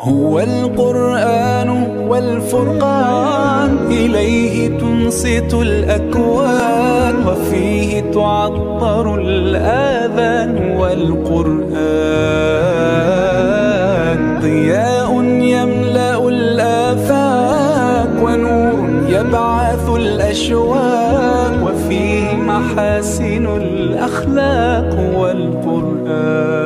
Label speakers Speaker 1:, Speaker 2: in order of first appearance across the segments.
Speaker 1: هو القرآن والفرقان إليه تنصت الأكوان وفيه تعطر الآذان والقرآن ضياء يملأ الآفاق ونور يبعث الأشواق وفيه محاسن الأخلاق والقرآن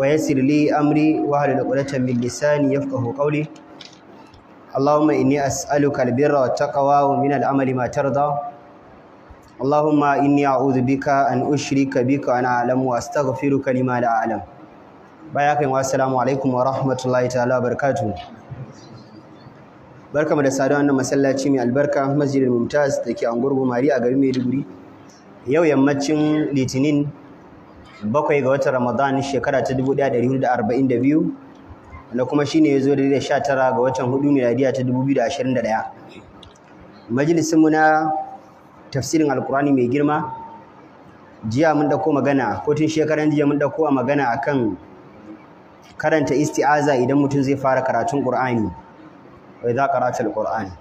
Speaker 2: ويسر لي أمري واحلل عقدة من لساني يفقه قولي اللهم إني أسألك البر والتقوى ومن العمل ما ترضى اللهم إني أعوذ بك أن أشرك بك وأنا أعلم وأستغفرك لما لا أعلم bayakan wassalamu alaikum wa rahmatullahi ta'ala barakatuh barkamu da saduwa wannan masallaci mai albarka masjidil mumtaz dake angurgu mari a garin Maiduguri yau yammacin litinin bakwai ga watan Ramadan shekara ta 1442 wanda kuma shine yazo da 19 ga watan 4 miladiya ta 2021 majalisin mu na tafsirin alkurani mai girma jiya mun ɗauko magana ko tun shekaran jiya mun dauko a magana akan karanta isti'aza idan mutum zai fara karatun Qur'ani wa idza qara'ta al-Qur'an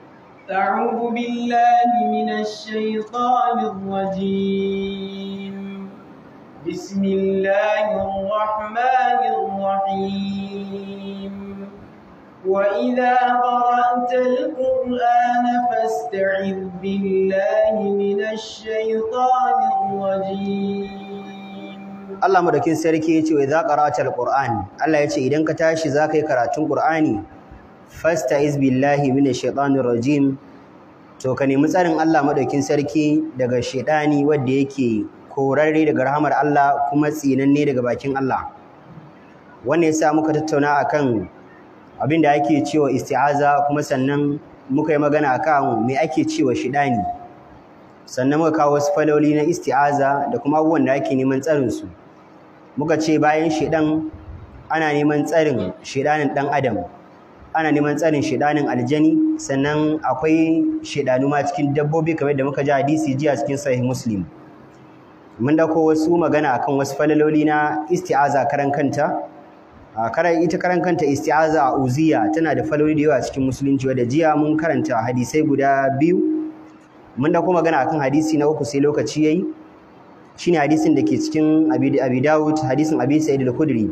Speaker 1: أعوذ بالله من الشيطان الرجيم بسم الله الرحمن الرحيم وإذا قرأت القرآن فاستعذ بالله من الشيطان الرجيم Allah madaukin
Speaker 2: sarki yace wa idza qara'ta alquran Allah yace idan ka tashi zaka yi karatun qur'ani Fasta billahi minash shaitanir rajim to ka nemi tsarin Allah madaukin sarki daga shaitani wanda yake korarre daga rahamar Allah kuma tsinanne daga bakin Allah wannan yasa muka tattauna akan abin da ake cewa isti'aza kuma sannan muka yi magana akan me ake cewa shidani sannan muka kawo wasu faloli na isti'aza da kuma abubuwan da ake neman tsarin su muka ce bayan shidan ana neman tsarin shidanin dan adam ana neman tsarin shidanin aljani sannan akwai shidanu ma cikin dabbobi kamar da muka ji hadisi jiya cikin sahih muslim mun dauko wasu magana akan wasu falaloli na isti'aza karan kanta karan ita karan kanta isti'aza uziya tana da faloli da yawa cikin musulunci wanda jiya mun karanta hadisai guda biyu mun dauko magana akan hadisi na uku sai lokaci yayi shine hadisin da ke cikin Abi Dawud hadisin Abi Sa'id al-Khudri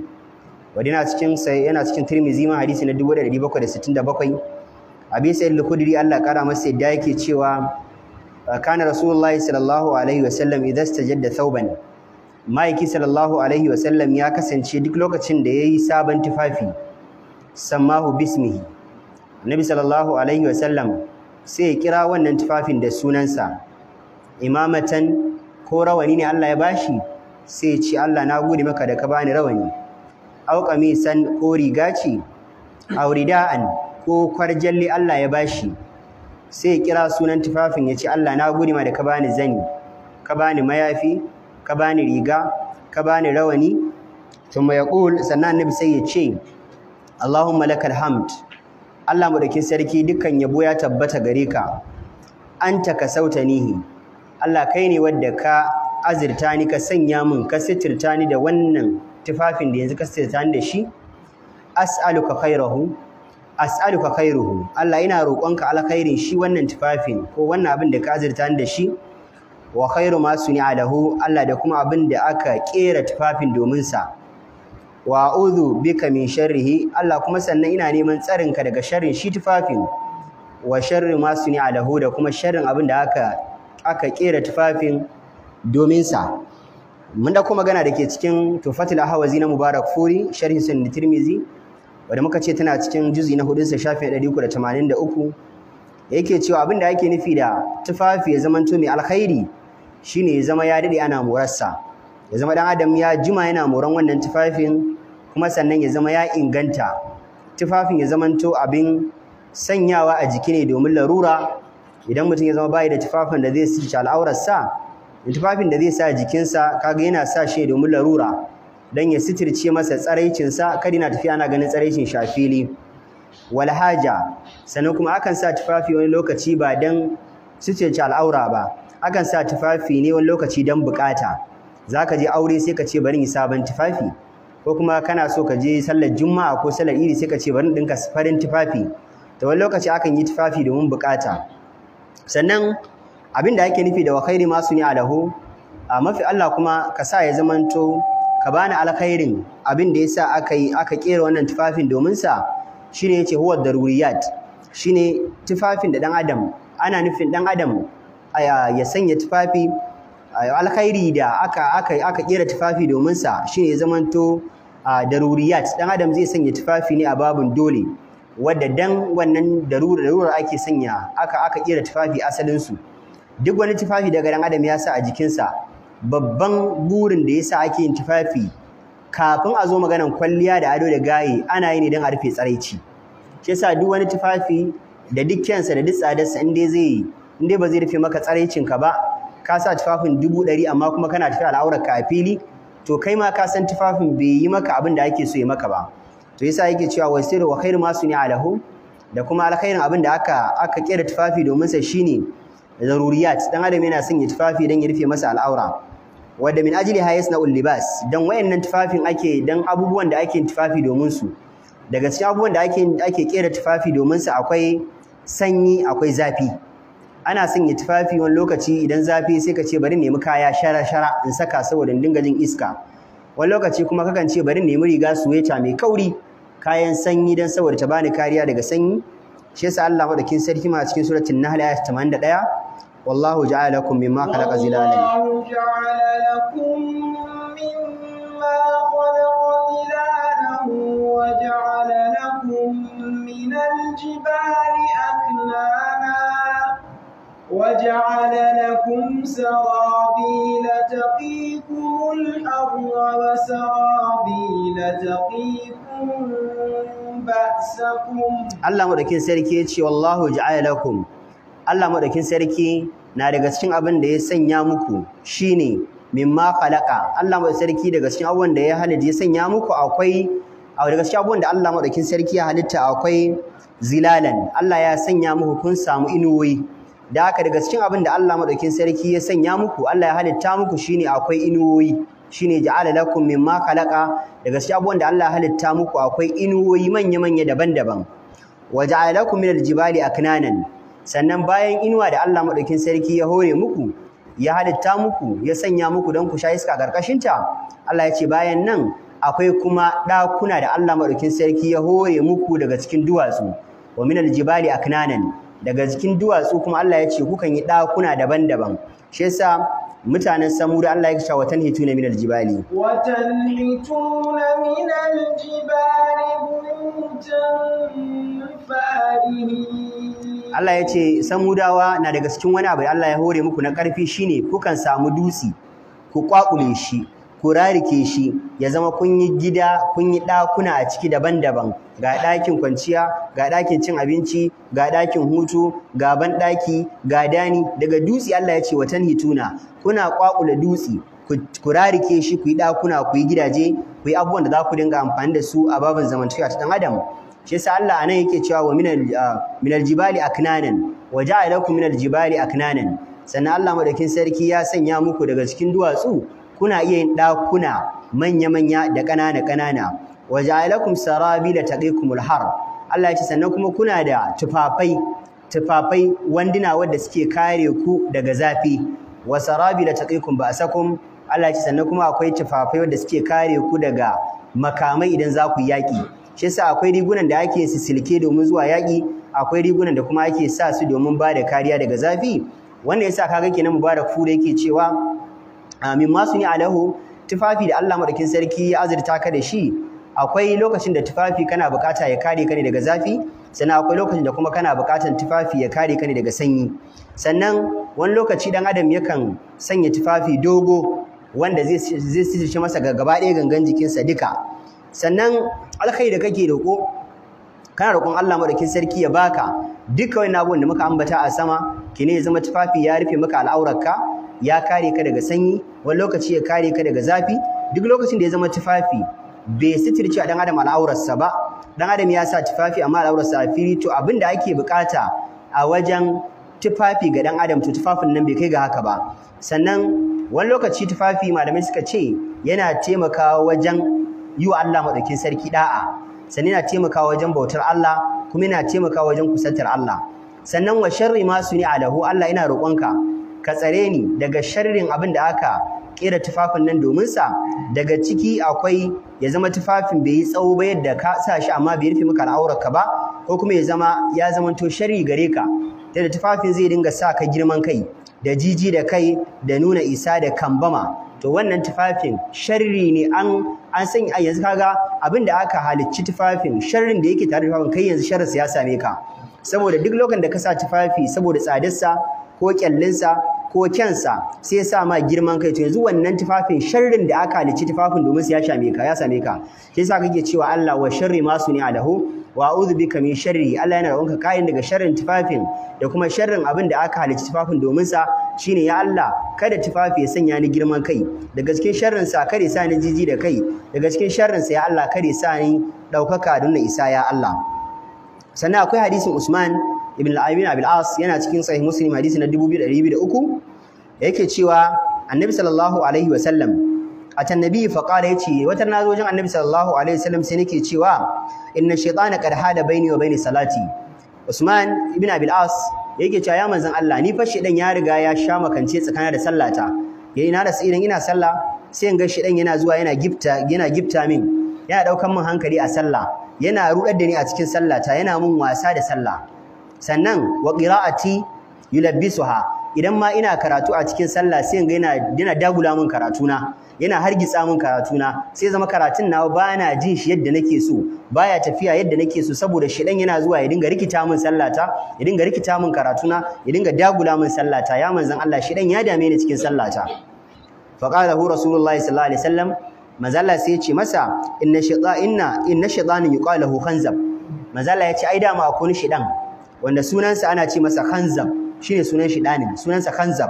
Speaker 2: wanda yana cikin yana cikin Tirmidhi ma hadisi na 1767 Abi Sa'id al-Khudri Allah kara masa yadda yake cewa kana rasulullah sallallahu alaihi idan istajadda thawban ma'aiki sallallahu alaihi wasallam ya kasance duk lokacin da yayi sabon tufafi sammahu bismihi nabi sallallahu alaihi sai ya kira wannan tufafin da sunansa imamatan ko rawani ne Allah ya bashi sai ya ci Allah na gode maka da ka bani rawani au qamisan ko riga ce rida'an ko kwarjalli Allah ya bashi sai ya kira sunan tufafin ya ce Allah na gudu ma da ka bani zani ka bani mayafi ka bani riga ka bani rawani thumma yaqul sannan annabi sai ya ce Allahumma lakal hamd Allah dake sarki dukkan yabo ya tabbata gare ka anta ka sautanihi Allah kai ne wanda ka azirta ni ka sanya min ka sitirta ni da wannan tufafin da yanzu ka sitirta ni da shi as'aluka khairahu as'aluka khairuhu Allah ina roƙonka alkhairin shi wannan tufafin ko wannan abin da ka azurta da shi wa khairu ma suni'a lahu Allah da kuma abin da aka kera tufafin domin sa wa a'udhu bika min sharrihi Allah kuma sannan ina neman tsarinka daga sharrin shi tufafin wa sharri ma suni'a lahu da kuma sharrin abin da aka aka kera tufafin domin sa mun da kuma magana da ke cikin tufatul hawazi na mubarak furi sharhi sunan tirmizi wadda muka ce tana cikin juzi na hudunsa shafin 383 yake cewa abin da ake nufi da tufafi ya zamanto mai alkhairi shine ya zama ya dade ana morarsa ya zama dan adam ya jima yana moran wannan tufafin kuma sannan ya zama ya inganta tufafin ya zamanto abin sanyawa a jiki ne domin larura idan mutum ya zama bayi da tufafin da al'aurarsa tufafin da zai sa jikinsa kaga yana sa shi domin larura dan ya sitirce masa tsaraicin sa kada tafiya ana ganin tsaraicin shafili wal haja sannan kuma akan sa tufafi wani lokaci ba dan sitirce al'aura ba akan sa tufafi ne wani lokaci dan bukata zaka je aure sai ka ce bari yi sabon tufafi ko kuma kana so ka je sallar juma'a ko sallar Iri sai ka ce bari dinka farin tufafi to wani lokaci akan yi tufafi domin bukata sannan abinda da ake nufi da wa khairi masu alahu a mafi Allah kuma ka sa ya zamanto ka bani alkhairin abin da yasa aka yi aka kera wannan tufafin domin sa shine yace huwa daruriyat shine tufafin da dan adam ana nufin dan adam ya sanya tufafi alkhairi da aka aka aka kera tufafi domin sa shine ya zamanto daruriyat dan adam zai sanya tufafi ne a babun dole wadda dan wannan darura darura ake sanya aka aka kera tufafi asalin su duk wani tufafi daga dan adam ya sa a jikinsa babban burin da yasa ake yin tufafi kafin a zo maganan kwalliya da ado da gaye ana yi ne don a rufe tsaraici shi yasa duk wani tufafi da dukkansa da duk tsadarsa in dai zai in dai ba zai rufe maka tsaraicinka ba ka sa tufafin dubu ɗari amma kuma kana tafiya al'aurarka a fili to kai ma ka san tufafin bai yi maka abin da ake so ya maka ba to yasa yake cewa wasir wa khairu ma suni alahu da kuma alkhairin abin da aka aka kera tufafi domin sa shine zaruriyat dan adam yana son ya tufafi dan ya rufe masa al'aura wadda min ajili ha yasna libas dan wayannan tufafin ake dan abubuwan da ake tufafi domin su daga cikin abubuwan da ake ake kera tufafi domin su akwai sanyi akwai zafi ana sanya tufafi wani lokaci idan zafi sai ka ce bari nemi kaya shara shara in saka saboda in dinga jin iska wani lokaci kuma kakan ce bari nemi riga suweta mai kauri kayan sanyi dan saboda ta bani kariya daga sanyi shi yasa Allah madakin sarki ma cikin suratul nahl ayat 81 والله جعل لكم مما خلق ظلالا
Speaker 1: والله جعل لكم مما خلق ظلالا وجعل لكم من الجبال أكنانا وجعل لكم سرابيل تقيكم الحر وسرابيل تقيكم بأسكم الله ولكن
Speaker 2: سيركي والله جعل لكم Allah madaukin sarki na daga cikin abin da ya sanya muku shine mimma khalaqa Allah madaukin sarki daga cikin abin da ya halitta ya sanya muku akwai a daga cikin abin da Allah madaukin sarki ya halitta akwai zilalan Allah ya sanya muku kun samu inuwoyi da haka daga cikin abin da Allah madaukin sarki ya sanya muku Allah ya halitta muku shine akwai inuwoyi shine ja'ala lakum mimma khalaqa daga cikin abin da Allah ya halitta muku akwai inuwoyi manya-manya daban-daban wa ja'ala lakum minal jibali aknanan sannan bayan inuwa da Allah maɗaukin sarki ya hore muku ya halitta muku ya sanya muku don ku sha iska ƙarƙashinta Allah ya ce bayan nan akwai kuma ɗakuna da Allah maɗaukin sarki ya hore muku daga cikin duwatsu wa minal jibali aknanan daga cikin duwatsu kuma Allah ya ce kukan yi ɗakuna daban-daban shi yasa mutanen samuda Allah ya ce watan hituna minal jibali
Speaker 1: watan hituna minal jibali farihin
Speaker 2: Allah ya ce samudawa na daga cikin wani abu Allah ya hore muku na ƙarfi shine kukan samu dutsi ku kwakule shi ku rarike shi ya zama kun yi gida kun yi ɗakuna a ciki daban-daban ga ɗakin kwanciya ga ɗakin cin abinci ga ɗakin hutu ga banɗaki ga dani daga dutse Allah ya ce wa hituna kuna kwakule dutse ku rarike shi ku yi ɗakuna ku yi gidaje ku yi abubuwan da za ku dinga amfani da su a babin zamantakewa ta ɗan adam shi yasa Allah anan yake cewa wa minal ah, minal jibali aknanan wa ja'alakum minal jibali aknanan sannan Allah madakin sarki ya sanya muku daga cikin duwatsu kuna iya yin ɗakuna manya-manya da kanana kanana wa ja'alakum sarabila taqikumul har Allah ya ce sannan kuma kuna da tufafai tufafai wanduna wanda suke kare ku daga zafi wa sarabila taqikum ba'sakum Allah ya ce sannan kuma akwai tufafai wanda suke kare ku daga makamai idan za ku yaƙi shi yasa akwai rigunan da ake su silke domin zuwa yaƙi akwai rigunan da kuma ake sa su domin ba da kariya daga zafi wanda yasa kaga kenan mubarak fure yake cewa amin masu ni alahu tufafi da Allah madakin sarki ya azurta ka da shi akwai lokacin da tufafi kana bukata ya kare ka ne daga zafi sannan akwai lokacin da kuma kana bukatan tufafi ya kare ka ne daga sanyi sannan wani lokaci dan adam yakan sanya tufafi dogo wanda zai zai masa gaba ɗaya gangan jikinsa duka sannan alkhairi da kake roƙo kana roƙon Allah madaukin sarki ya baka duka wani abun da muka ambata a sama kine ya zama tufafi ya rufe maka al'aurarka ya kare ka daga sanyi wani lokaci ya kare ka daga zafi duk lokacin da ya zama tufafi bai sitirce a dan adam al'aurarsa ba dan adam ya sa tufafi amma al'aurarsa a fili to abin da ake bukata a wajen tufafi ga dan adam to tufafin nan bai kai ga haka ba sannan wani lokaci tufafi malamai suka ce yana taimakawa wajen yi wa Allah madaukin sarki ɗa'a. sannan yana taimaka wajen bautar Allah kuma yana taimaka wajen kusantar Allah sannan wa sharri ma ni alahu Allah ina roƙonka ka tsare ni daga sharrin abin da aka ƙera tufafin nan domin sa daga ciki akwai ya zama tufafin bai yi tsawo ba yadda ka sa shi amma bai rufe maka al'aurarka ba ko kuma ya zama ya zamanto sharri gare ka da tufafin zai dinga sa ka girman kai da jiji da kai da nuna isa da kambama to wannan tufafin sharri ne an an san yanzu kaga abin da aka halicci tufafin sharrin da yake tare da tufafin kai yanzu sharrinsa ya same ka saboda duk lokacin da ka sa tufafi saboda tsadarsa ko kyallinsa ko kyansa sai sa ma girman kai to yanzu wannan tufafin sharrin da aka halicci tufafin domin su ya same ka ya same ka sai sa kake cewa Allah wa sharri masu suni alahu wa a'udhu bika min sharri Allah yana roƙonka kayan daga sharrin tufafin da kuma sharrin abin da aka halicci tufafin domin sa shine ya Allah kada tufafi ya sanya ni girman kai daga cikin sharrin sa kare sa ni jiji da kai daga cikin sharrin sa ya Allah kare sa ni ɗaukaka don na isa ya Allah sannan akwai hadisin Usman ibn al-Abi bin yana cikin sahih Muslim hadisi na 2203 yake cewa annabi sallallahu alaihi wa sallam atan nabi fa qala yace wata nazo wajen annabi sallallahu alaihi wa sallam sai nake cewa inna shaytana qad hada baini wa baini salati Usman ibn Abi yake cewa ya manzon Allah ni fa shedan ya riga ya sha makance tsakanin da sallata yayin na da idan ina sallah sai in ga 'dan yana zuwa yana gifta yana gifta min yana daukan min hankali a sallah yana rudar da ni a cikin sallata yana min wasa da sallah sannan wa qira'ati yulabbisuha idan ma ina karatu a cikin sallah sai ga yana yana dagula min karatuna yana hargitsa min karatuna sai zama karatun nawa na jin shi yadda nake so baya tafiya yadda nake so saboda shedan yana zuwa ya dinga rikita min sallata ya dinga rikita min karatuna ya dinga dagula min sallata ya manzon Allah shedan ya dame ni cikin sallata fa qala hu rasulullahi sallallahu alaihi wasallam mazalla sai ya ce masa inna shaytan inna inna shaytan yuqalahu khanzab mazalla ya ce ai dama akwai shedan wanda sunansa ana ce masa khanzab shine sunan shi ɗanin sunansa khanzab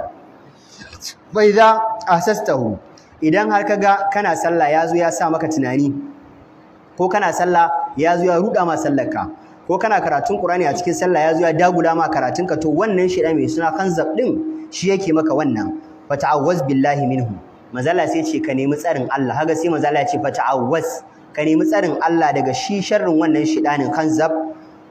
Speaker 2: fa idza ahsastahu idan har ka ga kana sallah ya zo ya sa maka tunani ko kana sallah ya zo ya ruda ma sallarka ko kana karatun Qur'ani a cikin sallah ya zo ya dagula ma karatunka to wannan shi mai suna khanzab ɗin shi yake maka wannan fa ta'awwaz billahi minhu mazala sai ce ka nemi tsarin Allah haga sai mazala ce fa ta'awwaz ka nemi tsarin Allah daga shi sharrin wannan shidanin khanzab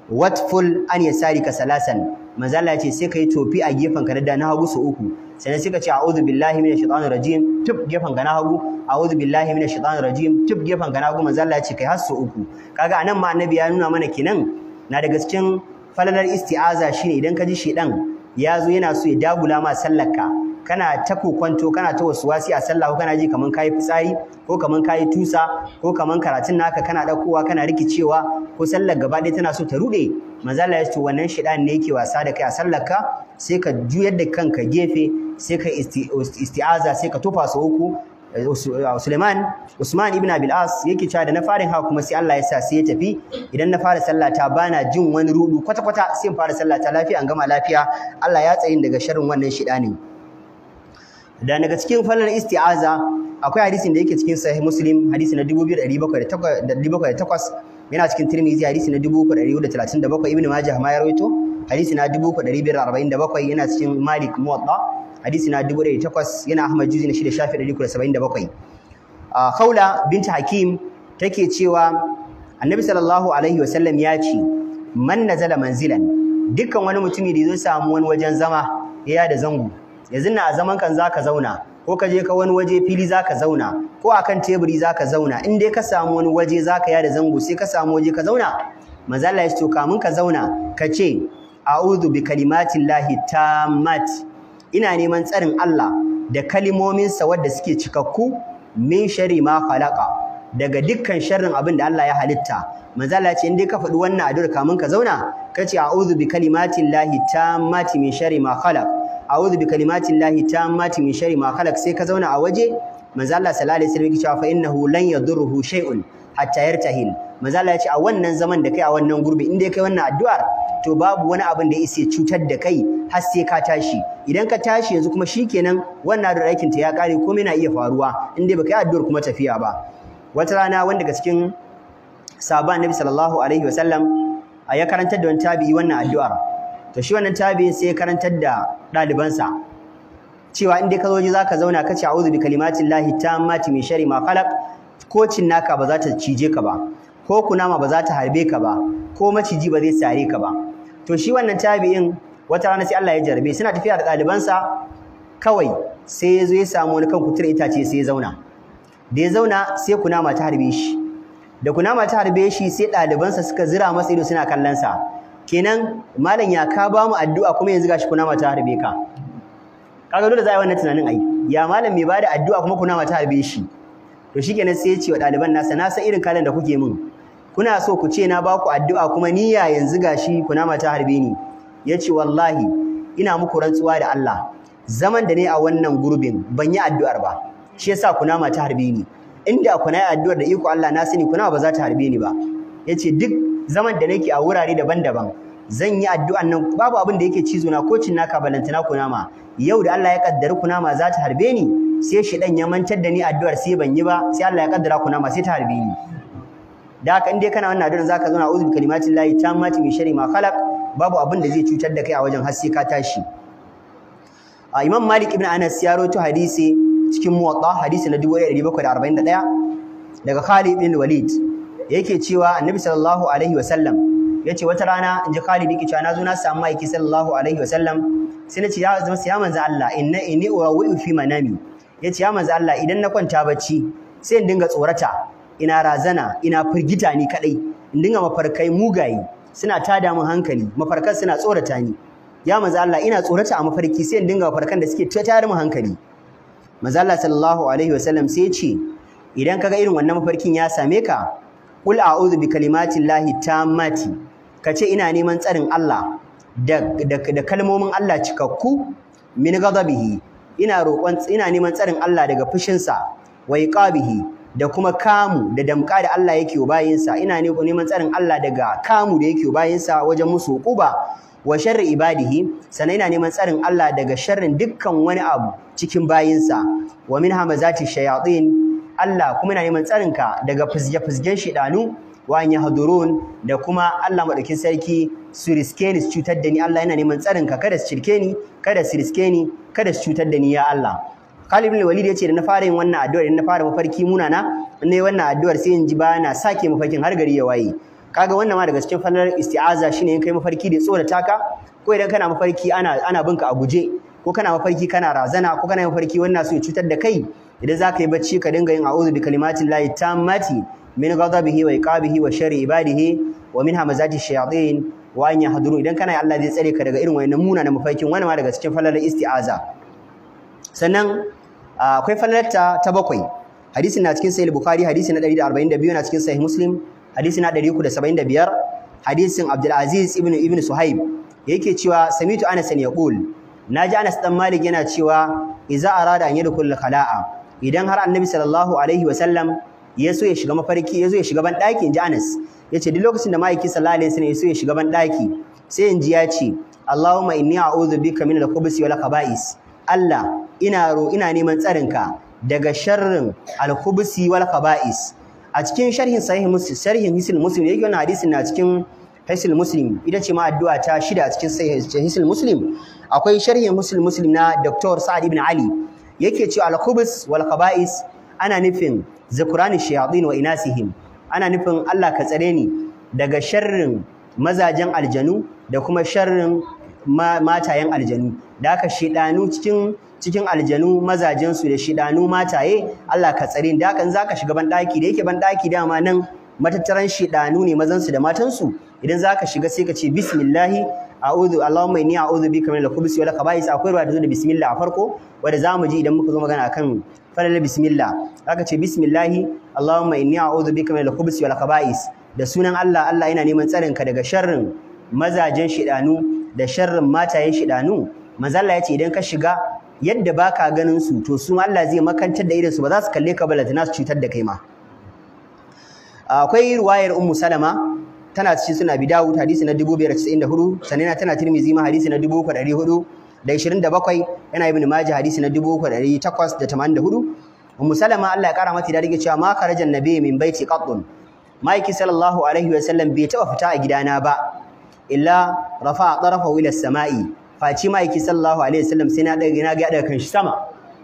Speaker 2: watful an yasari ka salasan manzo Allah ce sai kai tofi a gefen ka da na hagu su uku sai ka ce a'udhu billahi minash shaitanir rajim tub gefen ka na hagu a'udhu billahi minash shaitanir rajim tub gefen ka na hagu manzo ce kai har su uku kaga anan ma annabi ya nuna mana kinan. na daga cikin falalar isti'aza shine idan ka ji shedan ya zo yana so ya dagula ma sallarka kana ta kokwanto kana ta wasuwasi a sallah ko kana ji kaman kayi fitsari ko kaman kayi tusa ko kaman karatun naka kana ɗaukowa kana rikicewa ko sallar gaba ɗaya tana so ta ruɗe manzo Allah ya ce wannan shaidan ne yake wasa da kai a sallar ka sai ka juyar da kanka gefe sai ka isti'aza sai ka tofa sau uku eh, Suleiman Usman ibn Abil As yake cewa da na farin haka kuma sai Allah ya sa sai ya tafi idan na fara ta bana jin wani rudu kwata kwata sai in fara ta lafiya an gama lafiya Allah ya tsayin daga sharrin wannan shidanin da daga cikin fannin isti'aza akwai hadisin da yake cikin sahih muslim hadisi na 2708 yana cikin tirmizi hadisi na 3437 ibnu majah ma ya rawaito hadisi na 3547 yana cikin malik muwatta hadisi na 1800 yana ahmad juzi na shida shafi 177 khawla Binta hakim take cewa annabi sallallahu alaihi wasallam ya ce man nazala manzilan dukkan wani mutumi da ya zo samu wani wajen zama ya da zango yanzu na zaman kan zaka zauna ko ka je ka wani waje fili zaka zauna ko akan teburi zaka zauna in dai ka samu wani waje zaka yada zango sai ka samu waje ka zauna manzo Allah ya ce kamun ka zauna ka ce a'udhu bi lahi tammat ina neman tsarin Allah da kalimomin sa wadda suke cikakku min shari ma khalaqa daga dukkan sharrin abin da Allah ya halitta manzo Allah ya ce in dai ka faɗi wannan addu'ar kamun ka zauna kace a'udhu bi lahi tammati min shari ma khalaqa a'udhu bi kalimatillahi tammati min sharri ma khalaq sai ka zauna a waje manzo Allah sallallahu alaihi wasallam yake cewa fa innahu lan yadurruhu shay'un hatta yartahil manzo Allah ya ce a wannan zaman da kai a wannan gurbi in dai kai wannan addu'a to babu wani abin da ya isa cutar da kai har sai ka tashi idan ka tashi yanzu kuma shikenan wannan da aikin ta ya kare komai na iya faruwa in dai baka yi addu'ar kuma tafiya ba wata rana wanda daga cikin sahaba Nabi sallallahu alaihi wasallam a ya karantar da wani tabi'i wannan addu'ar to shi wannan tabi'in sai ya karantar da ɗalibansa cewa in dai ka zo ji zaka zauna ka ce a'udhu bi kalimatin lahi tammati min sharri ma khalaq ko naka ba za ta cije ka ba ko kunama ba za ta harbe ka ba ko maciji ba zai sare ka ba to shi wannan tabi'in wata rana sai Allah ya jarbe suna tafiya da ɗalibansa kawai sai ya zo ya samu wani kan kutura itace sai ya zauna da ya zauna sai kunama ta harbe shi da kunama ta harbe shi sai ɗalibansa suka zira masa ido suna kallon sa. kenan malam ya ka ba mu addu'a kuma yanzu gashi kuna mata harbe ka kaga dole za a yi wannan tunanin ai ya malam mai bada addu'a kuma kuna mata harbe shi to shikenan sai ya ce wa ɗaliban nasa na san irin kalan da kuke min kuna so ku ce na ba ku addu'a kuma niyya yanzu gashi kuna mata harbe ni ya ce wallahi ina muku rantsuwa da Allah zaman da ne a wannan gurbin ban yi addu'ar ba shi yasa kuna mata harbe ni inda kuna yi addu'ar da iko Allah na sani kuna ba za ta harbe ni ba Ya ce, duk zaman da nake a wurare daban-daban zan yi addu'an nan babu abin da yake cizo na ko cinnaka balantana kunama yau da Allah ya kaddara kunama za ta harbe ni sai dan ya mantar da ni addu'ar sai ban yi ba sai Allah ya kaddara kunama sai ta harbe ni da haka in dai kana wannan addu'ar zaka zauna uzu bi kalimatin lahi tammati min sharri ma khalaq babu abin da zai cutar da kai a wajen har ka tashi a Imam Malik ibn Anas ya rawaito cikin muwatta hadisi na 1741 daga Khalid ibn Walid yake cewa annabi sallallahu alaihi wasallam ya ce wata rana in ji khalid yake cewa na zo na samu aiki sallallahu alaihi wasallam sai na ce ya zama ya manzo Allah inna inni urawwi fi manami ya ce ya manzo Allah idan na kwanta bacci sai in dinga tsorata ina razana ina firgita ni kadai in dinga mafarkai mugaye suna tada min hankali mafarkan suna tsorata ni ya manzo Allah ina tsorata a mafarki sai in dinga mafarkan da suke tayar min hankali manzo Allah sallallahu alaihi wasallam sai ya ce idan kaga irin wannan mafarkin ya same ka qul a'udhu bi kalimatillahi ka kace ina neman tsarin Allah da kalmomin Allah cikakku min ghadabihi ina roƙon ina neman tsarin Allah daga fushinsa wa iqabihi da kuma kamu da damƙa da Allah yake bayinsa ina neman tsarin Allah daga kamu da yake bayinsa wajen musu hukuba wa sharri ibadihi sannan ina neman tsarin Allah daga sharrin dukkan wani abu cikin bayinsa wa min ta shayatin Allah kuma yana neman tsarinka daga fizge-fizgen shidanu wa an yahdurun da kuma Allah madaukin sarki su riske ni su cutar da ni Allah yana neman tsarinka kada su cirke ni kada su riske ni kada su cutar da ni ya Allah Khalid ibn Walid yace da na fara yin wannan addu'ar idan na fara mafarki munana ne wannan addu'ar sai in ji ba na sake mafarkin har gari ya waye kaga wannan ma daga cikin fannin isti'aza shine in kai mafarki da tsorata ka ko idan kana mafarki ana ana binka a guje ko kana mafarki kana razana ko kana mafarki wannan su cutar da kai idan za ka yi bacci ka dinga yin a'udhu bi kalimatin lahi tammati min ghadabihi wa iqabihi wa sharri ibadihi wa min hamazati shayatin wa an yahduru idan kana Allah zai tsare ka daga irin wayannan na mafarkin wani ma daga cikin falalar isti'aza sannan akwai falalar ta ta bakwai hadisi na cikin sahih bukhari hadisi na 142 na cikin sahih muslim hadisi na 375 hadisin abdul aziz ibn ibn suhaib yake cewa samitu anas yaqul naji anas dan malik yana cewa idza arada an yadkhul khala'a idan har annabi sallallahu alaihi wasallam ya so ya shiga mafarki ya so ya shiga ban ɗaki in ji anas ya ce duk lokacin da ma'aiki sallallahu alaihi wasallam ya so ya shiga ban sai in ji ya ce Allahumma inni a'udhu bika min al-khubuthi wal khaba'is Allah ina ro ina neman tsarinka daga sharrin al-khubuthi wal khaba'is a cikin sharhin sahih muslim sharhin hisil muslim yake wannan hadisin na cikin hisil muslim ita ce ma addu'a ta shida a cikin sahih hisil muslim akwai sharhin muslim muslim na Dr. Sa'ad ibn Ali yake cewa al-khubus wal khaba'is ana nufin zikrani shayatin wa inasihim ana nufin Allah ka tsare ni daga sharrin mazajen aljanu da kuma sharrin matayen aljanu da aka shidanu cikin cikin aljanu mazajen su da shidanu mataye Allah ka tsare ni da kan zaka shiga ban daki da yake ban daki dama nan matattaran shidanu ne mazan su da matan su idan zaka shiga sai ka ce bismillahi a'udhu Allahumma inni a'udhu bika min al-khubuthi wal khaba'is akwai ruwa da zo da bismillah a farko wanda zamu ji idan muka zo magana akan falal bismillah zaka ce bismillah Allahumma inni a'udhu bika min al-khubuthi wal khaba'is da sunan Allah Allah yana neman tsarin ka daga sharrin mazajen shidanu da sharrin matayen shidanu manzo Allah ya ce idan ka shiga yadda baka ganin su to su Allah zai makantar da irin su ba za su kalle ka ba su cutar da kai ma akwai ruwayar ummu salama tana cikin suna bi Dawud hadisi na 594 sannan tana Tirmidhi ma hadisi na 3400 da 27 yana Ibn Majah hadisi na 3884 Ummu Salama Allah ya kara mata da rike cewa ma karajan nabi min baiti qaddun Maiki sallallahu alaihi wa sallam bai taba fita a gidana ba illa rafa'a tarafahu ila samai faci Maiki sallallahu alaihi wa sallam sai na daga na ga daga kanshi sama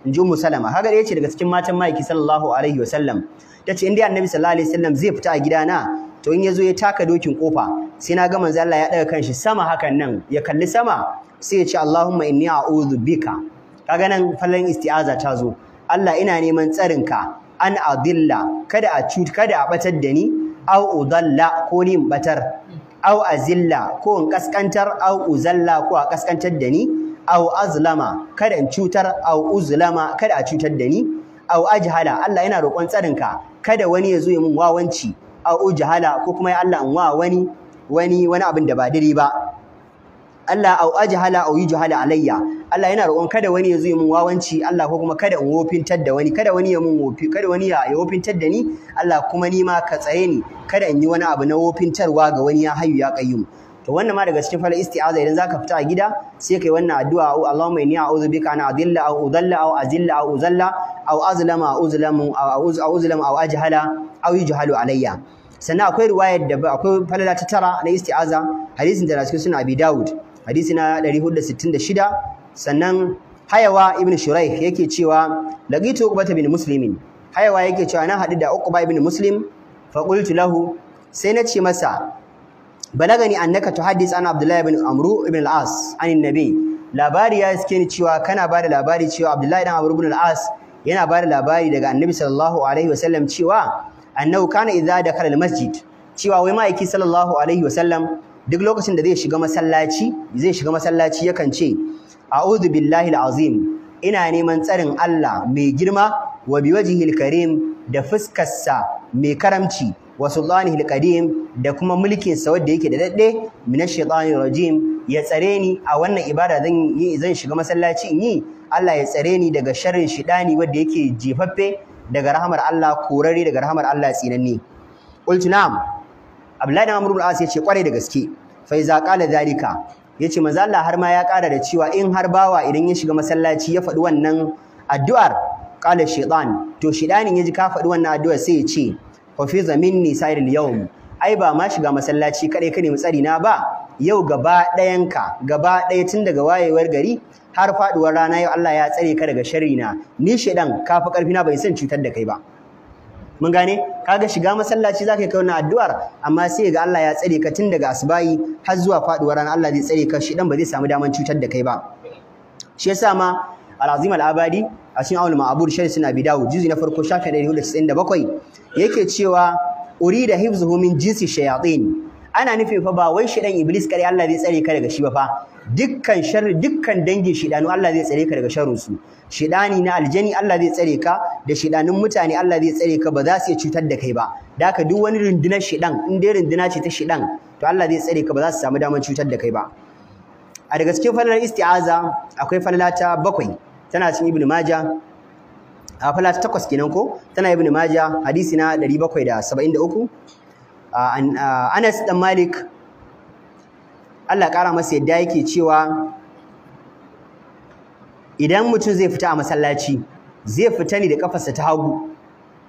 Speaker 2: inji Ummu Salama haka da yace daga cikin matan Maiki sallallahu alaihi wa sallam tace inda Annabi sallallahu alaihi wa sallam zai fita a gidana to in ya zo ya taka dokin kofa sai na ga manzo Allah ya daga kanshi sama hakan nan ya kalli sama sai ya ce Allahumma inni a'udhu bika kaga nan fallan isti'aza ta zo Allah ina neman tsarinka an adilla kada a cut kada a batar da ni au udalla ko ni batar au azilla ko in kaskantar au uzalla ko a kaskantar da ni au azlama kada in cutar au uzlama kada a cutar da ni au ajhala Allah ina roƙon ka. kada wani ya zo ya mun wawanci au jahala ko kuma ya Allah wa wani wani wani abin da ba dare ba Allah au ajhala au jahala alayya Allah yana roƙon kada wani ya zo mun wawanci Allah ko kuma kada in wofintar da wani kada wani ya mun wofi kada wani ya wofintar da ni Allah kuma ni ma ka tsaye ni kada in yi wani abu na wofintarwa ga wani ya hayyu ya qayyum to wannan ma daga cikin fara isti'aza idan zaka fita a gida sai kai wannan addu'a au Allahumma inni a'udhu bika an adilla au udalla au azilla au uzalla au azlama uzlamu au uzlama au ajhala au yujhalu alayya sannan akwai riwayar da akwai falala ta tara na isti'aza hadisin da cikin sunan Abi Dawud hadisi na 466 sannan hayawa ibn shuraih yake cewa laqitu uqba bin muslimin hayawa yake cewa na hadu da uqba ibn muslim fa qultu lahu sai na ce masa balagani annaka tuhaddis an abdullahi ibn amru ibn al-as anin nabi labari ya iske ni cewa kana bada labari cewa abdullahi dan amru ibn al-as yana bada labari daga annabi sallallahu alaihi wasallam cewa annahu kana idza dakala al-masjid cewa wai ma'aiki sallallahu alaihi wasallam duk lokacin da zai shiga masallaci zai shiga masallaci yakan ce a'udhu billahi al-azim ina neman tsarin Allah mai girma wa biwajhil karim da fuskarsa mai karamci wa sultanihil qadim da kuma mulkin sa wanda yake da dadde minash shaitanir rajim ya tsare ni a wannan ibada zan yi zan shiga masallaci in yi Allah ya tsare ni daga sharrin shidani wanda yake jefaffe daga rahmar Allah korare daga rahamar Allah tsinanni qultu na'am Abdullahi da Amr As yace kware da gaske fa iza qala zalika yace manzo Allah har ma ya kara da cewa in har bawa idan ya shiga masallaci ya faɗi wannan addu'ar qala shaytan to shidanin yaji ka faɗi wannan addu'ar sai ya ce hufiza minni sairil yawm ai ba ma shiga masallaci kaɗai ka nemi tsari na ba yau gaba ɗayanka gaba ɗaya tun daga wayewar gari har faɗuwar rana yau Allah ya tsare ka daga sharri na ni shedan ka fi karfi na bai san cutar da kai ba mun gane kaga shiga masallaci zaka kai wannan addu'ar amma sai ga Allah ya tsare ka tun daga asbayi har zuwa faɗuwar rana Allah zai tsare ka shedan ba zai samu daman cutar da kai ba shi yasa ma al-azim al-abadi a cikin awul ma'abur shari suna bidawu juzi na farko shafi bakwai yake cewa urida hifzuhu min jinsi shayatin ana nufin fa ba wai shidan iblis kare Allah zai tsare ka daga shi ba fa dukkan shar dukkan dangin shidanu Allah zai tsare ka daga sharrin su shidani na aljani Allah zai tsare ka da shidanun mutane Allah zai tsare ka ba za su iya cutar da kai ba da haka duk wani rundunar shidan in dai runduna ce ta shidan to Allah zai tsare ka ba za su samu damar cutar da kai ba a daga cikin falalar isti'aza akwai falala ta bakwai tana cikin ibnu maja a falala ta takwas kenan ko tana ibnu maja hadisi na 773 Anas dan Malik Allah ƙara masa yadda yake cewa idan mutum zai fita a masallaci zai fita ne da kafarsa ta hagu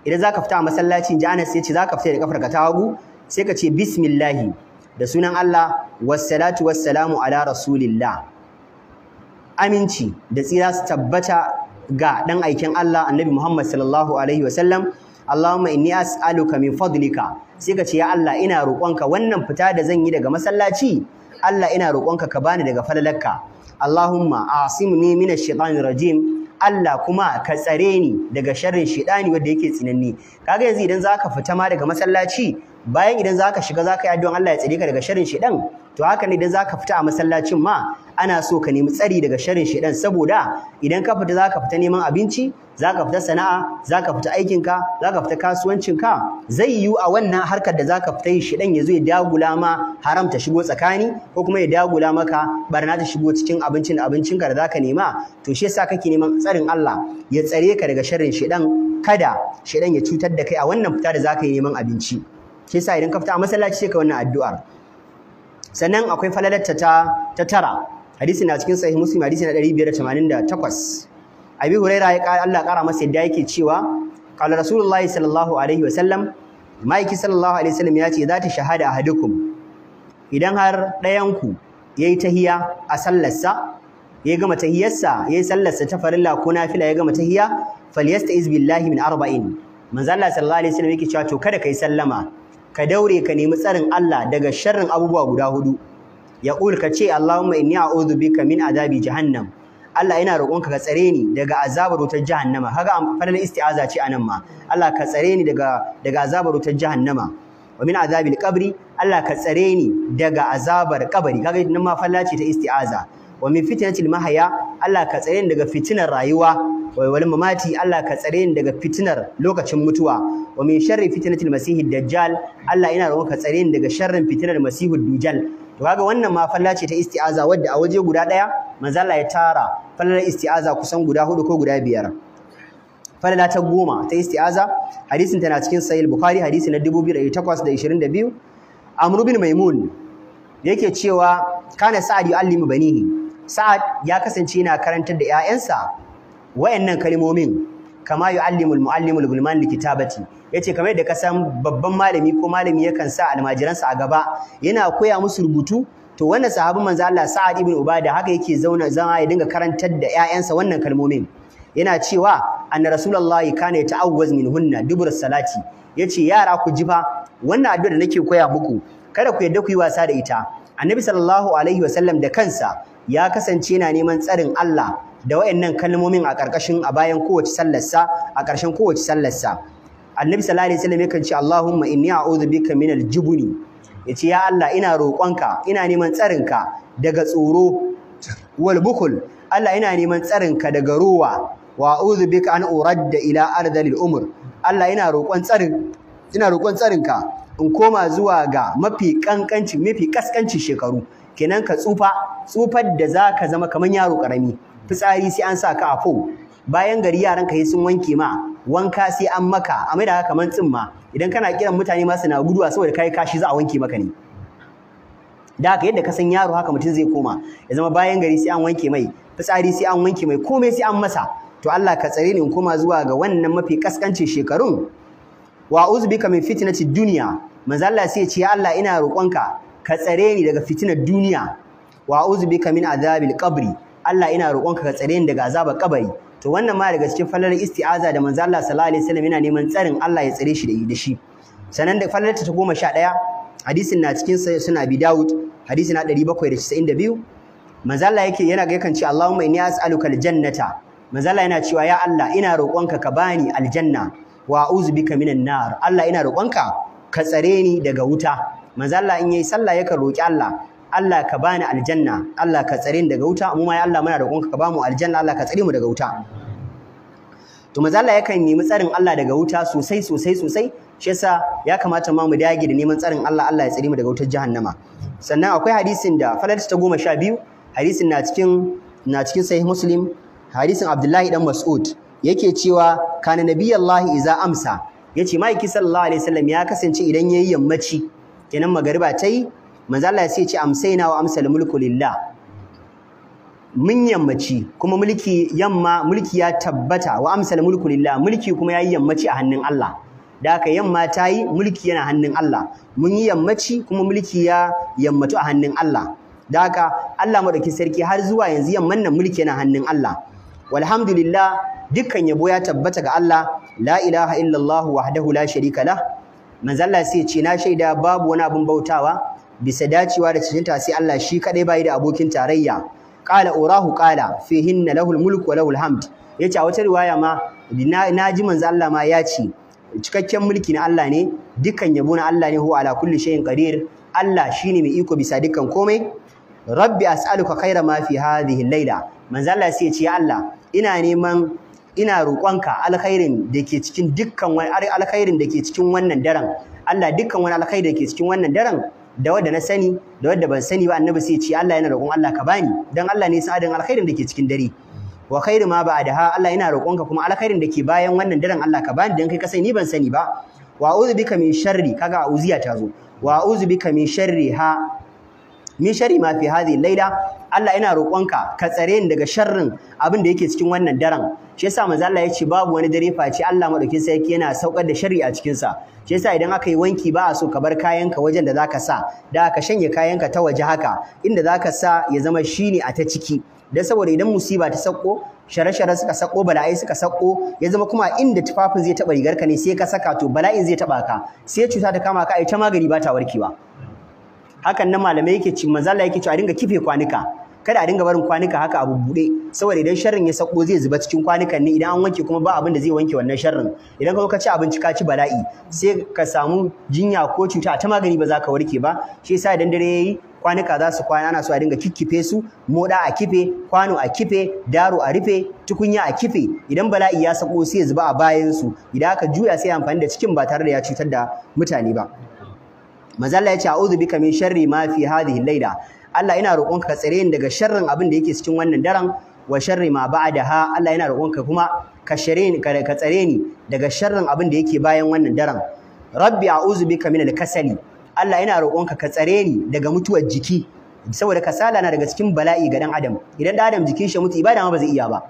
Speaker 2: idan zaka fita a masallaci ji Anas ya ce zaka fita da kafarka ta hagu sai ka ce bismillahi da sunan Allah wassalatu wassalamu ala rasulillah aminci da tsira su tabbata ga dan aikin Allah annabi Muhammad sallallahu alaihi wasallam Allahumma inni as'aluka min fadlika sai ka ce ya Allah ina roƙonka wannan fita da zan yi daga masallaci Allah ina roƙonka ka bani daga falalarka Allahumma asimni minash shaitanir rajim Allah kuma ka tsare ni daga sharrin shedani wanda yake tsinanni kaga yanzu idan zaka fita ma daga masallaci bayan idan zaka shiga zaka yi addu'an Allah ya tsare ka daga sharrin shedan to haka ne idan za ka fita a masallacin ma ana so ka nemi tsari daga sharin shedan saboda idan ka fita za ka fita neman abinci za ka fita sana'a za ka fita aikin ka fita kasuwancin ka zai yiwu a wannan harkar da za ka fita yi yazo ya zo ya dagula ma haram ta shigo tsakani ko kuma ya dagula maka barna ta shigo cikin abincin abincin ka da ka nema to shi yasa kake neman tsarin Allah ya tsare ka daga sharin shedan kada shedan ya cutar da kai a wannan fita da ka yi neman abinci shi yasa idan ka fita a masallaci sai ka wannan addu'ar sannan akwai falalatta ta tara hadisi na cikin sahih muslim hadisi na 588 abi huraira ya kara Allah kara masa yadda yake cewa qala rasulullahi sallallahu alaihi wasallam maiki sallallahu alaihi wasallam ya ce za ta shahada ahadukum idan har ɗayan ku yayi tahiya a sallarsa ya gama tahiyarsa yayi sallarsa ta farilla ko nafila ya gama tahiya falyasta'iz billahi min arba'in manzo Allah sallallahu alaihi wasallam yake cewa to kada kai sallama ka daure ka nemi tsarin Allah daga sharrin abubuwa guda hudu yaqul ka ce Allahumma inni a'udhu bika min adabi jahannam Allah yana roƙonka ka tsare ni daga azabar wutar jahannama kaga fadal isti'aza ce anan ma Allah ka tsare ni daga daga azabar wutar jahannama wa min azabil qabri Allah ka tsare ni daga azabar kabari kaga nan ma falla ta isti'aza wa min fitnatil mahaya Allah ka tsare ni daga fitinar rayuwa wa wal mamati Allah ka tsare ni daga fitinar lokacin mutuwa wa min sharri fitnatil masihid dajjal Allah ina roƙon ka tsare ni daga sharrin fitinar masihud dajjal to kaga wannan ma falla ce ta isti'aza wadda a waje guda daya manzala ya tara fallar isti'aza kusan guda hudu ko guda biyar falla ta goma ta isti'aza hadisin tana cikin sahih bukhari hadisi na 2822 amr bin maimun yake cewa kana sa'ad yu'allimu banihi Sa'ad ya kasance yana karantar da ‘ya'yansa wayannan kalmomin kama allimul mu'allimul gulman likitabati yace kamar da ka san babban malami ko malami yakan sa almajiransa a gaba yana koya musu rubutu to wannan sahabin manzo Allah Sa'ad ibn Ubada haka yake zauna zama ya dinga karantar da ‘ya'yansa wannan kalmomin yana cewa anna rasulullahi kana min hunna dubur salati yace yara ku jifa wannan addu'ar da nake koya muku kada ku yadda ku yi wasa da ita annabi sallallahu alaihi wasallam da kansa ya kasance yana neman tsarin Allah da wayannan kalmomin a karkashin a bayan kowace sa a karshen kowace sallarsa annabi sallallahu alaihi wasallam yakan ce Allahumma inni a'udhu bika minal jubuni yace ya Allah ina roƙonka ina neman tsarinka daga tsoro wal bukul Allah ina neman tsarinka daga ruwa wa a'udhu bika an uradda ila ardhil umr Allah ina roƙon tsarin ina roƙon tsarinka in koma zuwa ga mafi kankanci mafi kaskanci shekaru kenan ka tsufa tsufar da za ka zama kamar yaro karami fitsari sai an sa ka a fo bayan gari yaran ka sun wanke ma wanka sai an maka a mai da kamar tsimma idan kana kiran mutane ma suna guduwa saboda kai kashi za a wanke maka ne da haka yadda ka san yaro haka mutum zai koma ya zama bayan gari sai an wanke mai fitsari sai an wanke mai komai sai an masa to Allah ka tsare ni in koma zuwa ga wannan mafi kaskancin shekarun wa uzbika min fitnati dunya manzo Allah sai ce ya Allah ina roƙonka ka tsare ni daga fitinar duniya wa uzbika min azabil qabri Allah ina roƙonka ka tsare ni daga azabar kabari to wannan ma daga cikin falalar isti'aza da manzo Allah sallallahu alaihi wasallam yana neman tsarin Allah ya tsare shi da da shi sanan da falalar ta 11 hadisin na cikin suna bi Dawud hadisi na 792 manzo Allah yake yana ga yakan ce Allahumma inni as'aluka aljannata manzo Allah yana cewa ya Allah ina roƙonka ka bani aljanna wa a'udhu bika minan nar Allah ina roƙonka ka tsare ni daga wuta manzo Allah in yayi sallah yakan roki Allah Allah ka bani aljanna Allah ka tsare ni daga wuta mu ma ya Allah muna roƙonka ka bamu aljanna Allah ka tsare mu daga wuta to manzo Allah yakan nemi tsarin Allah daga wuta sosai sosai sosai shi yasa ya kamata ma mu dage da neman tsarin Allah Allah ya tsare mu daga wutar jahannama sannan akwai hadisin da falalta ta goma sha biyu hadisin na cikin na cikin sahih muslim hadisin Abdullahi dan Mas'ud yake cewa kana nabiyallahi iza amsa yace maiki sallallahu alaihi wasallam ya kasance idan yayi yammaci kenan magariba tayi manzo Allah sai ya ce amsayna wa amsal mulku lillah mun yammaci kuma mulki yamma mulki ya tabbata wa amsal mulku lillah mulki kuma yayi yammaci a hannun Allah da haka yamma ta yi mulki yana hannun Allah mun yi yammaci kuma mulki ya yammatu a hannun Allah da haka Allah madauki sarki har zuwa yanzu yamman nan mulki yana hannun Allah walhamdulillah dukkan yabo ya tabbata ga Allah la ilaha illallah wahdahu la sharika lah manzo sai ce na shaida babu wani abin bautawa bisa dacewa da cikinta sai Allah shi kadai bai da abokin tarayya qala urahu qala fihinna lahul mulku wa lahul hamd yace a wata riwaya ma na ji manzo Allah ma ya ce cikakken mulki na Allah ne dukkan yabo na Allah ne huwa ala kulli shay'in qadir Allah shine mai iko bisa dukkan komai rabbi as'aluka khaira ma fi hadhihi al-laila manzo Allah sai ce ya Allah ina neman ina roƙonka alkhairin da ke cikin dukkan wani alkhairin da ke cikin wannan daren Allah dukkan wani alkhairi da ke cikin wannan daren da wanda na sani da wanda ban sani ba annabi sai ya ce Allah yana roƙon Allah ka bani dan Allah ne sa'adin alkhairin da ke cikin dare wa khairu ma ba'daha Allah yana roƙonka kuma alkhairin da ke bayan wannan daren Allah ka bani dan kai ka sani ban sani ba wa a'udhu bika min sharri kaga auziya ta zo wa a'udhu bika min sharri ha min shari ma fi hadhihi laila Allah yana roƙonka ka tsare ni daga sharrin abin da yake cikin wannan daren shi yasa manzo Allah ya ce babu wani dare face Allah madaukin yake yana saukar da shari'a a cikin sa shi yasa idan aka yi wanki ba a so ka bar kayanka wajen da zaka sa da ka shanye kayanka ta waje haka inda zaka sa ya zama shine a ta ciki dan saboda idan musiba ta sauko share-share suka sako bala'ai suka sako ya zama kuma inda tufafin zai taba rigarka ne sai ka saka to bala'in zai taba ka sai cuta ta kama ka ai ta magani ba ta warkewa hakan na malamai yake ci manzo Allah yake ci a dinga kife kwanuka kada a dinga barin kwanuka haka abu bude saboda idan sharrin ya sako zai zuba cikin kwanukan ne idan an wanke kuma ba abin da zai wanke wannan sharrin idan ka ka ci abinci ka ci bala'i sai ka samu jinya ko cuta ta magani ba za ka warke ba shi yasa idan dare yayi kwanuka za su kwana ana so a dinga kikkife su moda a kife kwano a kife daro a rufe tukunya a kife idan bala'i ya sako sai ya zuba a bayan su idan aka juya sai amfani da cikin ba tare da ya cutar da mutane ba mazalla ya ce a'udhu bika min sharri ma fi hadhihi al-laila Allah ina roƙonka ka tsare ni daga sharrin abin da yake cikin wannan daren wa sharri ma ba'daha Allah ina roƙonka kuma ka share ni ka tsare ni daga sharrin abin da yake bayan wannan daren rabbi a'udhu bika min al-kasali Allah ina roƙonka ka tsare ni daga mutuwar jiki saboda kasala na daga cikin bala'i ga dan adam idan dan adam jikin shi mutu ibada ma ba zai iya ba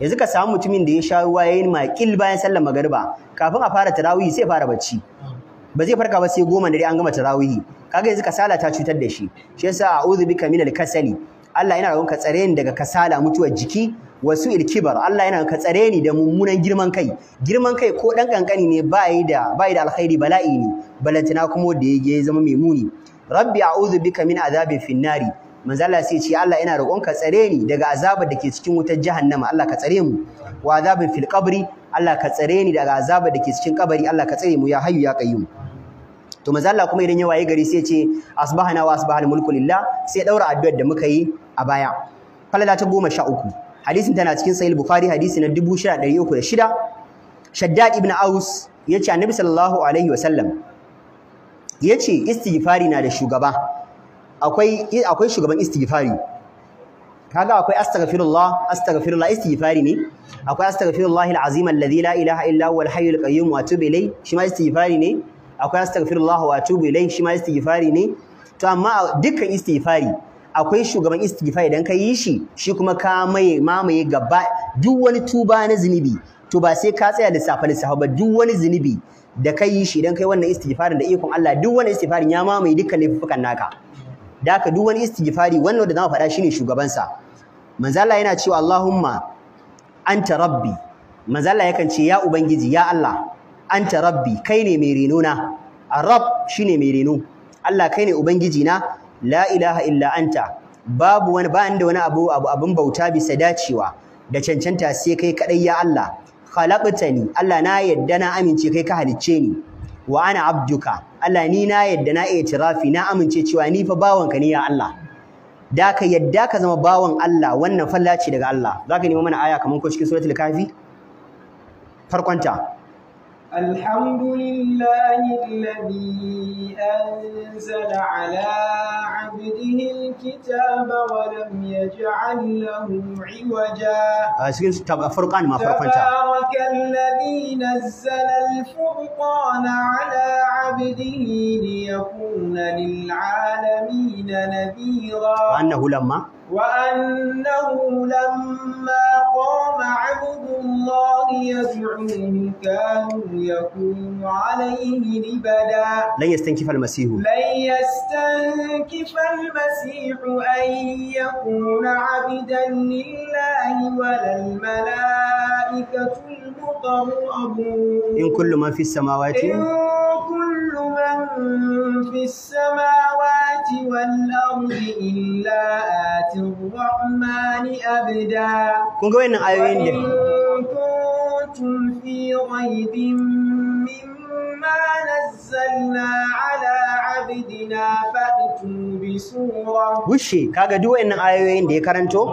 Speaker 2: yanzu ka samu mutumin da ya sha ruwa yayin maƙil bayan sallar ba. kafin a fara tarawih sai fara bacci ba zai farka ba sai goma dare an gama tarawihi kaga yanzu kasala ta cutar da shi shi yasa a'udhu bika minal kasali Allah yana roƙon tsare ni daga kasala mutuwar jiki wasu ilkibar Allah yana ka tsare ni da mummunan girman kai girman kai ko dan kankani ne bai da bai da alkhairi bala'i ne balantana kuma da ya zama mai muni rabbi a'udhu bika min azabin finnari manzo Allah sai ce Allah yana roƙon ka tsare ni daga azabar da ke cikin wutar jahannama Allah ka tsare mu wa azabin fil qabri Allah ka tsare ni daga azabar da ke cikin kabari Allah ka tsare mu ya hayyu ya qayyum to manzo Allah kuma idan ya waye gari sai ce asbahana wa asbahal mulku lillah sai daura addu'ar da muka yi a baya falala ta goma sha uku hadisin tana cikin sahih bukhari hadisi na 10306 shaddad ibn aus yace annabi sallallahu alaihi wasallam yace istighfari na da shugaba akwai akwai shugaban istighfari kaga akwai astaghfirullah astaghfirullah istighfari ne akwai astaghfirullahil azim alladhi la ilaha illa huwa alhayyul qayyum wa tub ilay shi ma istighfari ne akwai astaghfirullah wa atubu ilai shi ma istighfari ne to amma dukkan istighfari akwai shugaban istighfari dan kai yi shi shi kuma ka maye mamaye gaba duk wani tuba na zunubi to ba sai ka tsaya lissafa lissafa ba duk wani zunubi da kai yi shi idan kai wannan istighfarin da ikon Allah duk wani istighfarin ya mamaye dukkan laifukan naka da haka duk wani istighfari wannan da zamu faɗa shine shugaban sa manzo Allah yana cewa Allahumma anta rabbi manzo Allah yakan ce ya ubangiji ya Allah anta rabbi kai ne mai reno na arab shine mai reno Allah kai ne ubangiji na la ilaha illa anta babu wani ba da wani abu abu abin bauta bisa dacewa da cancanta sai kai kadai ya Allah ni. Allah na yadda na amince kai ka halicce ni wa ana abduka Allah ni na yadda na itirafi na amince cewa ni fa bawanka ne ya Allah da ka yadda ka zama bawan Allah wannan fallaci daga Allah zaka nemi mana aya kamar ko cikin suratul kafi farkonta
Speaker 1: الحمد لله الذي أنزل على عبده الكتاب ولم يجعل له عوجا
Speaker 2: فرقان ما فرقان تبارك
Speaker 1: الذي نزل الفرقان على عبده ليكون للعالمين نذيرا وأنه لما وأنه لما قام عبد الله يدعوه كانوا يكون عليه لبدا
Speaker 2: لن يستنكف المسيح لن
Speaker 1: يستنكف المسيح أن يكون عبدا لله ولا الملائكة المقربون
Speaker 2: إن كل من في السماوات إن
Speaker 1: كل من في السماوات والأرض إلا آتي الرحمن أبدا
Speaker 2: كن قوين آيوين
Speaker 1: كنتم في ريب مما نزلنا على عبدنا فأتوا بسورة
Speaker 2: وشي كاغا دو إن آيوين دي كارنتو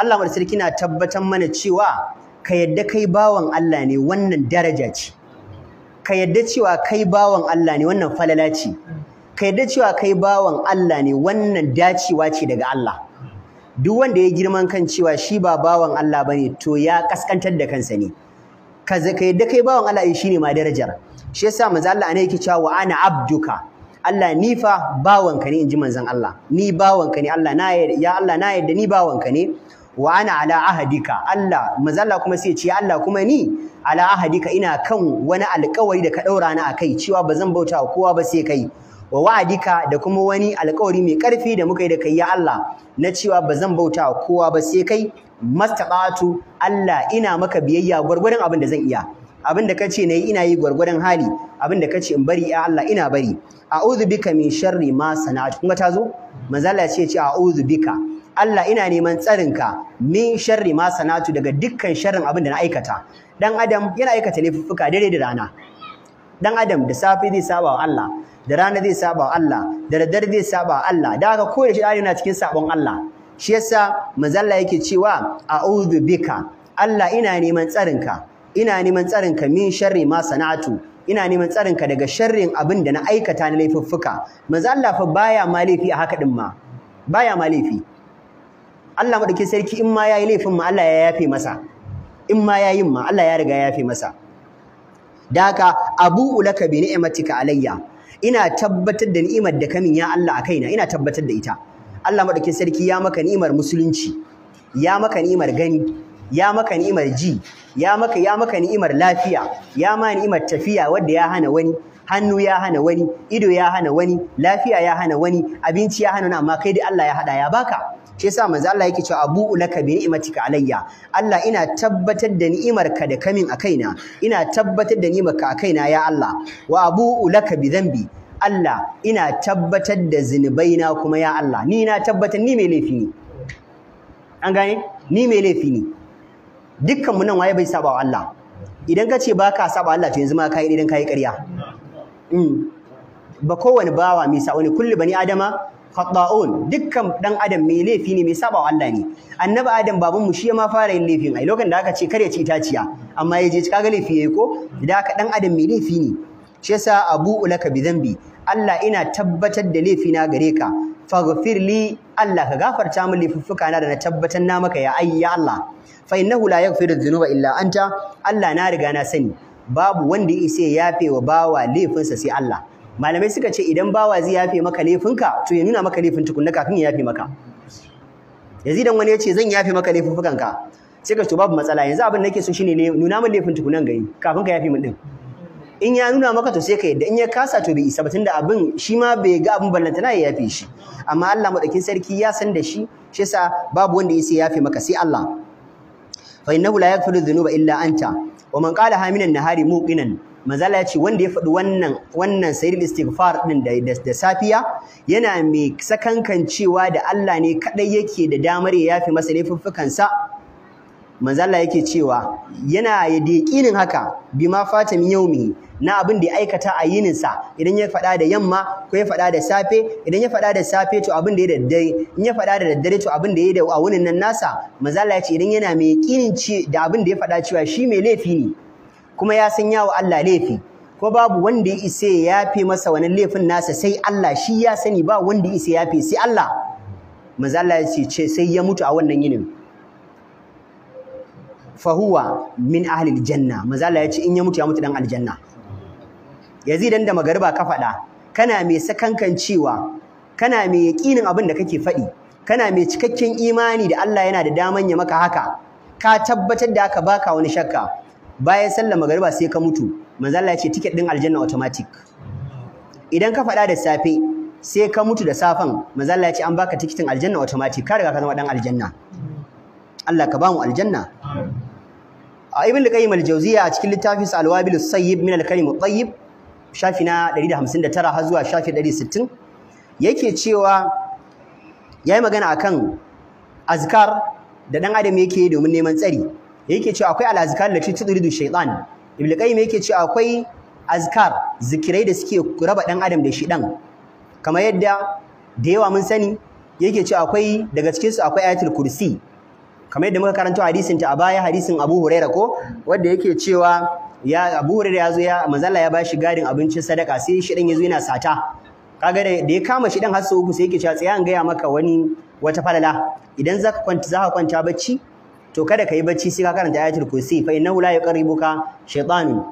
Speaker 2: الله مرسلكي نا من تشيوا ka kai bawan Allah ne wannan daraja ce ka cewa kai bawan Allah ne wannan falala ce ka cewa kai bawan Allah ne wannan dacewa ce daga Allah duk wanda ya girman kan cewa shi ba bawan Allah bane to ya kaskantar da kansa ne ka yadda kai bawan Allah shine ma darajar shi yasa manzo Allah ne yake cewa wa ana abduka Allah ni fa bawanka ne inji manzon Allah ni bawanka ne Allah na ya Allah na yadda ni bawanka ne wa ana ala ahadika Allah manzo Allah kuma sai ya ce Allah kuma ni ala ahadika ina kan wani alƙawari da ka daura ni akai cewa bazan bauta wa kowa ba sai kai wa wa'adika da kuma wani alƙawari mai ƙarfi da muka yi da kai ya Allah na cewa bazan bauta wa kowa ba sai kai mastaqatu Allah ina maka biyayya gwargwadon abin da zan iya abin da kace nayi ina yi gwargwadon hali abin da kace in bari ya Allah ina bari a'udhu bika min sharri ma sana'tu Kuma ta tazo manzo ce ce a'udhu bika Allah ina neman tsarinka min sharri ma sana'tu daga dukkan sharrin abin da na aikata dan adam yana aikata laifuka, dare da rana dan adam da safe zai saba wa Allah da rana zai saba wa Allah da daddare zai saba wa Allah da haka koyaushe yana cikin sabon Allah shi yasa manzalla yake cewa a'udhu bika Allah ina neman tsarinka ina neman tsarinka min sharri ma sana'atu ina neman tsarinka daga sharrin abin da na aikata na laifuffuka manzo Allah fa baya ma laifi a haka din ma baya ma laifi Allah madake sarki in ma yayi laifin ma Allah ya yafe masa in ma yayin ma Allah ya riga ya yafe masa da abu ulaka bi ni'matika alayya ina tabbatar da ni'imar da kamin ya Allah a kaina ina tabbatar da ita Allah madaukin sarki ya maka ni'imar musulunci ya maka ni'imar gani ya maka ni'imar ji ya maka ya maka ni'imar lafiya ya ma ni'imar tafiya wadda ya hana wani hannu ya hana wani ido ya hana wani lafiya ya hana wani abinci ya hana wani amma kai dai Allah ya hada ya baka shi yasa manzo Allah yake cewa abu ulaka bi ni'matika alayya Allah ina tabbatar da ni'imar ka da kamin a kaina ina tabbatar da ni'imarka a kaina ya Allah wa abu ulaka bi dhanbi Allah ina tabbatar da zinubaina kuma ya Allah ni na tabbatar ni mai laifi ne an gane ni mai laifi ne mu nan waye bai saba wa Allah idan ka ce ba ka saba Allah to yanzu ma ka yi idan ka yi ƙarya mm. ba kowane bawa mai sa ne kullu bani adama khata'un dukkan dan adam mai laifi ne mai saba wa Allah ne annabi adam baban mu shi ma fara yin laifin ai lokacin da aka ce kare ci itaciya amma yaje ci kaga laifi yayi ko da aka dan adam mai laifi ne shi yasa abu ulaka bi dhanbi Allah ina tabbatar da laifina gare ka faghfir li Allah ka gafarta min laifuffuka na da na tabbatar na maka ya ayya ya Allah fa innahu la yaghfiru dhunuba illa anta Allah na riga na sani babu wanda ya isa yafe wa bawa laifinsa sai Allah malamai suka ce idan bawa zai yafe maka laifinka to ya nuna maka laifin tukunna kafin ya yafe maka yanzu wani ya ce zan yafe maka laifuffukanka sai ka to babu matsala yanzu abin da nake so shine nuna min laifin tukunan gari kafin ka yafe min din in ya nuna maka to sai ka yadda in ya kasa to bai isa ba tunda abin shi ma bai ga abin ballantana ya yafe shi amma Allah madaukin sarki ya san da shi shi yasa babu wanda ya sai yafe maka sai Allah fa innahu la yaghfiru dhunuba illa anta wa man qala haminan nahari muqinan manzala yace wanda ya faɗi wannan wannan sayyidul istighfar din da da safiya yana mai sakankan cewa da Allah ne kadai yake da damar ya yafe masa laifuffukansa manzala yake cewa yana da yakinin haka bima fata yau yaumi na abin da ya aikata a yininsa idan ya faɗa da yamma ko ya faɗa da safe idan ya faɗa da safe to abin da ya daddare in ya faɗa da daddare to abin da ya da a wunin nan nasa Maza Allah ya ce idan yana mai yakinin ce da abin da ya faɗa cewa shi mai laifi ne kuma ya san yawo Allah laifi ko babu wanda ya ise ya yafe masa wani laifin nasa sai Allah shi ya sani ba wanda ya ise ya yafe sai Allah Maza Allah ya ce sai ya mutu a wannan yinin fahuwa min ahlil janna manzo Allah ya ce in ya mutu ya mutu dan aljanna dan da magariba ka faɗa kana mai sakankan cewa kana mai yaƙinin abin da kake faɗi kana mai cikakken imani da Allah yana da daman ya maka haka ka tabbatar da aka baka wani shakka bayan sallar magariba sai ka mutu manzo Allah ya ce ticket din aljanna automatic idan ka faɗa da safe sai ka mutu da safan manzo Allah ya ce an baka tikitin aljanna automatic ka riga ka zama dan aljanna Allah ka bamu aljanna a ibn al-qayyim al-jawziya a cikin littafin sa al-wabil sayyib min al-kalim at-tayyib shafi na 159 har zuwa shafi 160 yake cewa yayi magana akan azkar da dan adam yake domin neman tsari yake cewa akwai alazkar da lati tudridu shaytan ibn qayyim yake cewa akwai azkar zikirai da suke raba dan adam da shedan kamar yadda da yawa mun sani yake cewa akwai daga cikin su akwai ayatul kursi kamar yadda muka karanta hadisin ta a baya hadisin Abu hurairah ko wanda yake cewa ya Abu da ya zo ya manzala ya bashi gadin abincin sadaka sai shi dan yazo yana sata kaga da ya kama shi dan har sau uku sai yake cewa tsaya an gaya maka wani wata falala idan zaka kwanta zaka kwanta bacci to kada ka yi bacci sai ka karanta ayatul kursi fa innahu la yuqarribuka Ya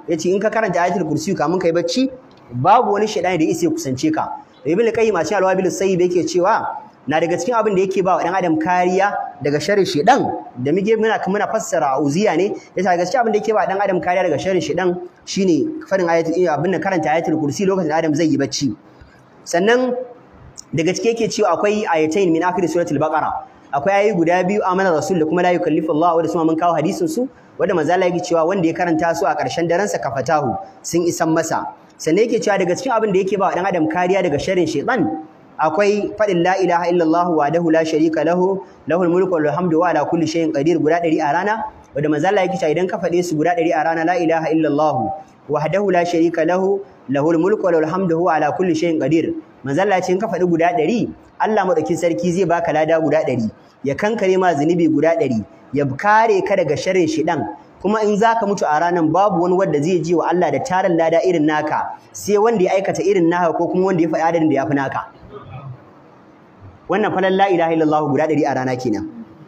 Speaker 2: yace in ka karanta ayatul kursi kamun ka yi bacci babu wani shaytan da yake kusance ka ibn qayyim a cikin alwabil sayyib yake cewa na daga cikin abin da yake ba wa ɗan adam kariya daga sharrin shedan da muke muna muna fassara uziya ne yasa daga cikin abin da yake ba ɗan adam kariya daga sharrin shedan shine farin ayatul eh, abin da karanta ayatul kursi lokacin da adam zai yi bacci sannan daga cikin yake cewa akwai ayatain min akhir suratul baqara akwai ayi guda biyu amana rasul da kuma la yukallifu Allah wa rasuluhu mun kawo hadisin su wanda manzo yake cewa wanda ya karanta su a ƙarshen daren sa kafatahu sun isan masa sannan yake cewa daga cikin abin da yake ba wa ɗan adam kariya daga sharrin shedan akwai faɗin la ilaha illallah dahu la sharika lahu lahul mulku wal hamdu wa ala kulli shay'in qadir guda 100 a rana wanda manzo Allah yake cewa idan ka faɗe su guda 100 a rana la ilaha illallah wahdahu la sharika lahu lahul mulku wal hamdu wa ala kulli shay'in qadir manzo Allah yake in ka faɗi guda 100 Allah madaukin sarki zai baka lada guda 100 ya kankare ma zunubi guda 100 ya kare ka daga sharrin shidan kuma in zaka mutu a ranan babu wani wanda zai ji wa Allah da tarin lada irin naka sai wanda ya aikata irin naka ko kuma wanda ya faɗi adadin da ya fi naka wannan falal la ilaha illallah guda ɗari a rana kenan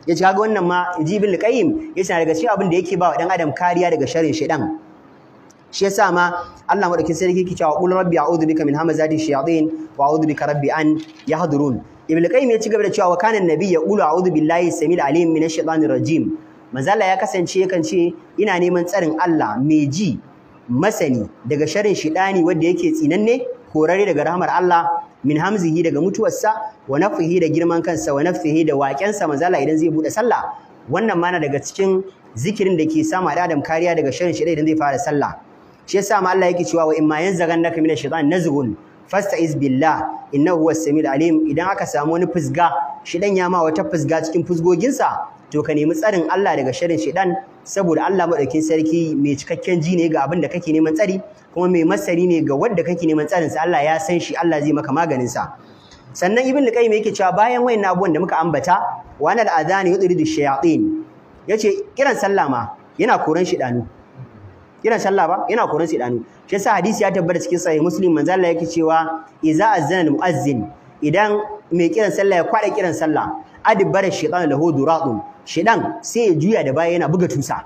Speaker 2: yace kaga wannan ma jibil qayyim yace daga cikin abin da yake ba wa dan adam kariya daga sharin shaytan shi yasa ma Allah madaukin sarki yake cewa qul rabbi a'udhu bika min hamazati shayatin wa a'udhu bika rabbi an yahdurun ibn qayyim ya ci gaba da cewa wa kana annabi ya qulu a'udhu billahi samil alim minash shaitanir rajim manzala ya kasance yakan ce ina neman tsarin Allah mai ji masani daga sharrin shaytani wanda yake tsinanne horare daga rahmar Allah min hamzihi daga mutuwarsa wa nafihi da girman kansa wa nafihi da waken sa mazala idan zai buɗe sallah wannan mana daga cikin zikirin da ke sama da adam kariya daga sharrin shi idan zai fara sallah shi yasa ma Allah yake cewa wa imma yanzaghannaka minash shaitan nazghun fasta'iz billah innahu was samiul alim idan aka samu wani fusga dan ya ma wata fusga cikin fusgoginsa to ka nemi tsarin Allah daga shirin shedan saboda Allah madaukin sarki mai cikakken ji ne ga abin da kake neman tsari kuma mai masari ne ga wanda kake neman tsarin sa Allah ya san shi Allah zai maka maganin sa sannan ibn al-qayyim yake cewa bayan wayannan abubuwan da muka ambata wa anal adhan yudridu shayatin yace kiran sallah ma yana koran shedanu kiran sallah ba yana koran shedanu shi yasa hadisi ya tabbata cikin sahih muslim manzo Allah yake cewa idza azana al-muazzin idan mai kiran sallah ya kwada kiran sallah adbara shaytan lahu duradun shedan sai ya juya da baya yana buga tusa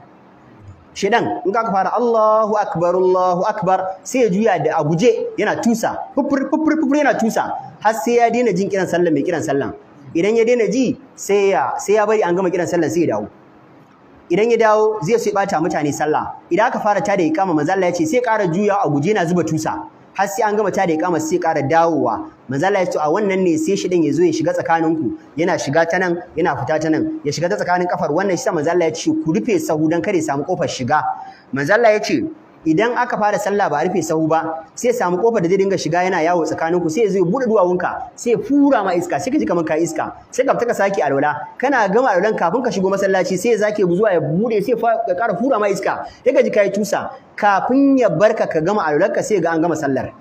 Speaker 2: shedan in ka fara Allahu akbar Allahu akbar sai ya juya da a guje yana tusa fufur fufur fufur yana tusa har sai ya daina jin kiran sallan mai kiran sallan idan ya daina ji sai ya sai ya bari an gama kiran sallan sai ya dawo idan ya dawo zai sai bata mutane sallah idan aka fara tada iqama manzo Allah ya ce sai kara juya a guje yana zuba tusa har sai an gama tada iqama sai ƙara dawowa manzo Allah ya ce a wannan ne sai shi ya zo ya shiga tsakaninku yana shiga ta nan yana fita ta nan ya shiga ta tsakanin kafar wannan shi manzo Allah ya ce ku rufe sahu dan kare samu kofar shiga manzo ya ce idan aka fara sallah ba a rufe sahu ba sai samu kofar da zai dinga shiga yana yawo tsakaninku sai zai bude duwawunka sai fura ma iska sai ka ji kamar ka iska sai ka taka saki alwala kana gama alwalan kafin ka shigo masallaci sai zake zuwa ya bude sai ka ƙara fura ma iska sai ka ji kai tusa kafin ya barka ka gama ka sai ga an gama sallar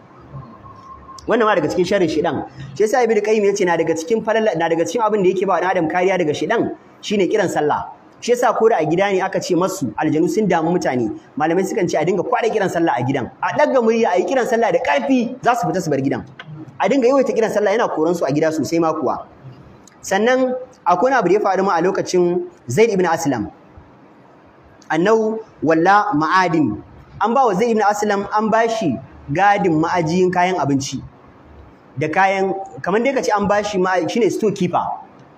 Speaker 2: wannan ma daga cikin sharrin shidan shi yasa ibnu qayyim yace na daga cikin falala na daga cikin abin da yake ba dan adam kariya daga shidan shine kiran sallah shi yasa ko da a gida ne aka ce masu aljanu sun damu mutane malamai sukan ce a dinga kwada kiran sallah a gidan a daga murya a yi kiran sallah da ƙarfi za su fita su bar gidan a dinga yawaita kiran sallah yana koran su a gida sosai ma kuwa sannan akwai abu da ya faru ma a lokacin Zaid ibn Aslam annau walla ma'adin an ba wa Zaid ibn Aslam an bashi gadin ma'ajiyin kayan abinci da kayan kamar dai ka ce an bashi shine store keeper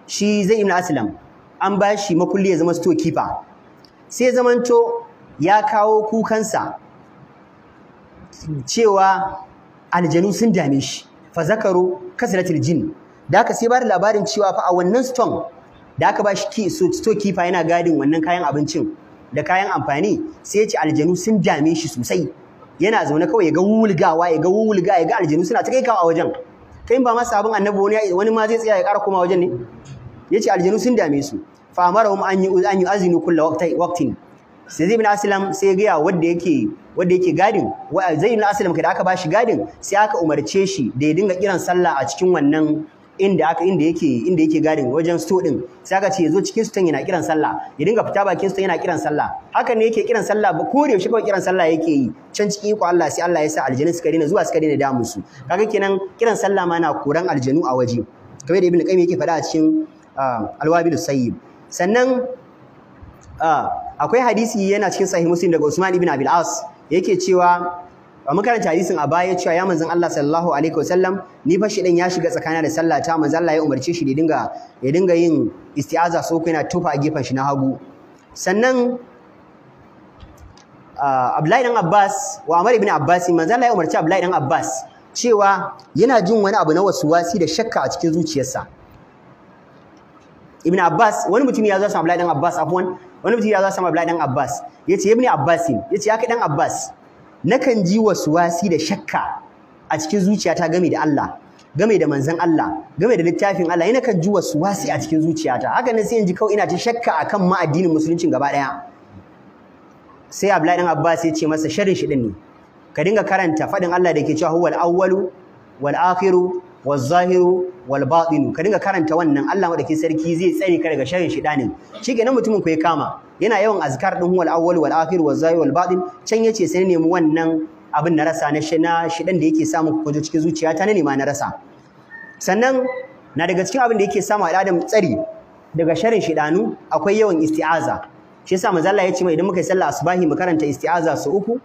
Speaker 2: shi Zaid ibn Aslam an ba shi makulli ya zama store keeper sai zamanto ya kawo kukansa cewa aljanu sun dame shi fa zakaru kasratil jin da aka sai bada labarin cewa fa a wannan stone da aka ba shi store keeper yana gadin wannan kayan abincin da kayan amfani sai ya ce aljanu sun dame shi sosai yana zaune kawai ya ga wulgawa ya ga wulga ya ga aljanu suna ta kai kawo a wajen kai ba ma sabon annabi wani ma zai tsaya ya kara koma wajen ne yace aljanu sun dame su fa amarahum an yi an kula kullu waqtin sai zai bin aslam sai ya gaya wanda yake wanda yake gadin wa zai bin aslam kai da aka bashi gadin sai aka umarce shi da ya dinga kiran sallah a cikin wannan inda aka inda yake inda yake gadin wajen sto din sai aka ce yazo cikin sutan yana kiran sallah ya dinga fita bakin sutan yana kiran sallah haka ne yake kiran sallah ba kore shi kawai kiran sallah yake yi can cikin iko Allah sai Allah ya sa aljanu suka daina zuwa suka daina damu su kaga kenan kiran sallah ma na koran aljanu a waje kamar da ibnu qayyim yake faɗa a cikin alwabil sayyib sannan akwai hadisi yana cikin sahih muslim daga Usman ibn Abil As yake cewa a makaranta hadisin a baya cewa ya manzon Allah sallallahu alaihi wasallam ni fa shi dan ya shiga tsakana da sallah ta manzon Allah ya umarce shi da dinga ya dinga yin isti'aza so ko yana tufa a gefen shi na hagu sannan Abdullahi dan Abbas wa Amr ibn Abbas manzon Allah ya umarci Abdullahi dan Abbas cewa yana jin wani abu na wasuwasi da shakka a cikin zuciyarsa ibn abbas wani mutum ya zo sama abdullahi dan abbas afwan wani mutum ya zo sama abdullahi abbas yace ibn abbas yace ya kai dan abbas nakan ji wasi da shakka a cikin zuciyata game da Allah game da manzon Allah game da littafin Allah ina kan ji wasi a cikin zuciyata haka ne sai in ji kawai ina ta shakka akan ma addinin musulunci gaba daya sai abdullahi dan abbas ya ce masa shirin shi din ne ka dinga karanta fadin Allah da ke cewa huwal awwalu wal akhiru wazahiru wal batinu ka dinga karanta wannan Allah madaukin sarki zai tsare ka daga sharrin shidanin na mutumin ku ya kama yana yawan azkar din wal awwal wal akhir wal zahir wal batin can yace sai nemi wannan abin na rasa na shidan da yake samu kwajo cikin ta na ma na rasa sannan na daga cikin abin da yake samu al'adam tsari daga sharrin shidanu akwai yawan isti'aza shi yasa manzo Allah ya ce mai idan muka yi sallar asubahi mu karanta isti'aza su uku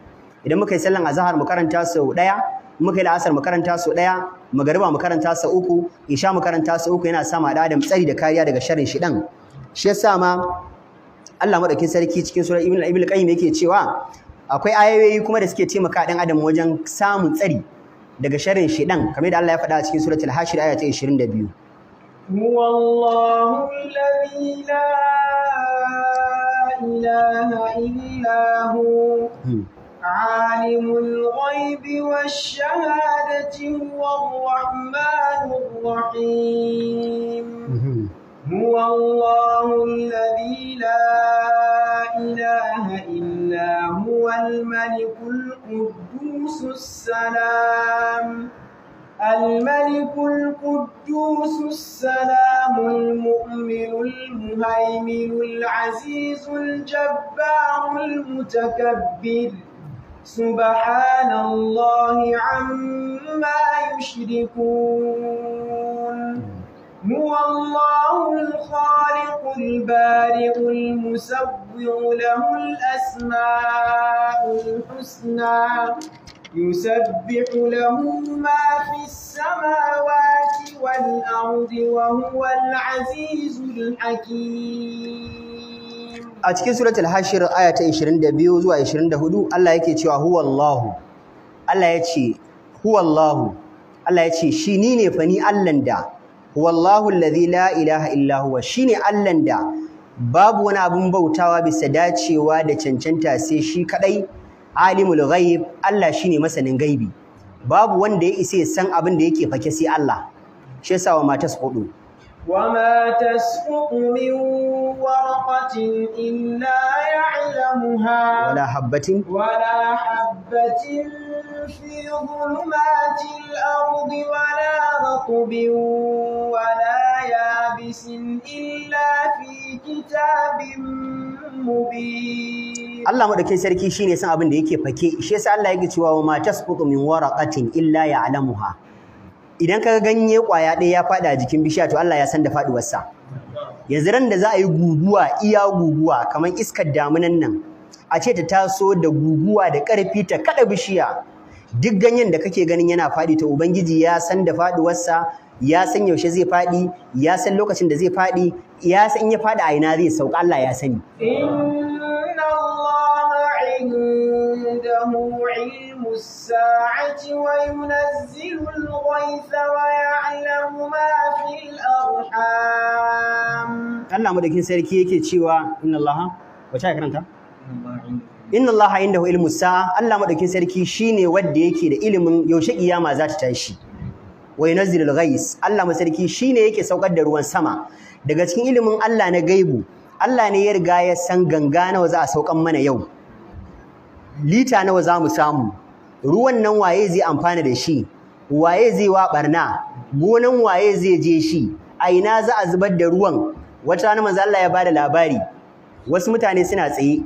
Speaker 2: idan muka yi sallar azhar mu karanta su daya muka yi la'asar makaranta karanta su ɗaya magariba makaranta sauku, su uku isha makaranta su uku yana sama da adam tsari da kariya daga sharin shi dan shi yasa ma Allah madaukin sarki cikin sura Ibn Ibn Qayyim yake cewa akwai ayoyi kuma da suke taimaka dan adam wajen samun tsari daga sharin shi ɗan? kamar da Allah ya faɗa a cikin suratul hashir aya ta 22
Speaker 1: عالم الغيب والشهادة هو الرحمن الرحيم هو الله الذي لا إله إلا هو الملك القدوس السلام الملك القدوس السلام المؤمن المهيمن العزيز الجبار المتكبر سبحان الله عما يشركون هو الله الخالق البارئ المسبح له الأسماء الحسنى يسبح له ما في السماوات والأرض وهو العزيز الحكيم
Speaker 2: a cikin al hashir aya ta 22 zuwa 24 Allah yake cewa huwallahu Allah ya ce huwallahu Allah ya ce shi ni ne fa ni Allahn da huwallahu alladhi la ilaha illa huwa shi ne Allahn da babu wani abin bautawa bisa dacewa da cancanta sai shi kadai alimul ghaib Allah shi ne masanin gaibi babu wanda ya isa ya san abin da yake fake sai Allah shi yasa wa matas hudu
Speaker 1: وما تسقط من ورقة إلا يعلمها ولا
Speaker 2: حبة ولا
Speaker 1: حبة في ظلمات الأرض ولا رطب ولا يابس إلا في كتاب
Speaker 2: Allah madaukakin sarki shine san abin da yake fake shi yasa Allah yake cewa ma tasqutu min waraqatin illa ya'lamuha idan kaga ganye kwaya ɗaya ya faɗi a jikin bishiya to Allah ya san da faɗuwarsa yanzu ran da za a yi guguwa iya guguwa kamar iskar damunan nan a ce ta taso da guguwa da ƙarfi ta kaɗa bishiya duk ganyen da kake ganin yana faɗi to ubangiji ya san da faɗuwarsa ya san yaushe zai faɗi ya san lokacin da zai faɗi ya san in ya faɗi a ina zai sauka Allah ya sani
Speaker 1: علم الساعة وينزل الغيث ويعلم ما في
Speaker 2: الأرحام الله مدكين سيركي يكي تشيوا إن الله وشاي Inna Allah indahu ilmu sa'a Allah sarki shine wanda yake da ilimin yaushe ƙiyama za ta tashi wa yunazzilul ghais Allah masarki shine yake saukar da ruwan sama daga cikin ilimin Allah na gaibu Allah ne ya riga ya san ganga nawa za a sauƙan mana yau lita nawa za mu samu ruwan nan waye zai amfana da shi waye zai wa barna gonan waye zai je shi a ina za a zubar da ruwan wata rana manzo Allah ya bada labari wasu mutane suna tsaye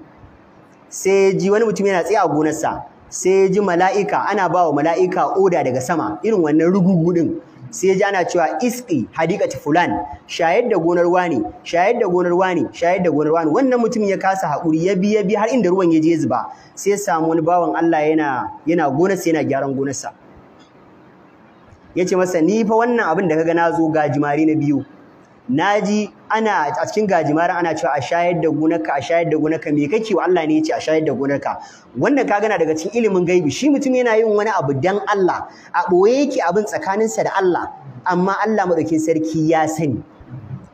Speaker 2: sai ji wani mutum yana tsaye a gonarsa sai ji mala'ika ana ba wa mala'ika oda daga sama irin wannan rugugu din sai ji ana cewa iski hadikati fulan shayar da gonar wani shayar da gonar wani shayar da gonar wani wannan mutum ya kasa haƙuri ya bi ya bi har inda ruwan ya je zuba sai ya samu wani bawan Allah yana yana gonarsa yana gyaran gonarsa ya ce masa ni fa wannan abin da kaga na zo ga jimari na biyu naji ana a cikin gajimara ana cewa a shayar da gonarka a shayar da gonarka me kake wa Allah ne yace a shayar da gonarka wanda ka gana daga cikin ilimin gaibi shi mutum yana yin wani abu dan Allah a boye yake abin tsakaninsa da Allah amma Allah madaukin sarki ya sani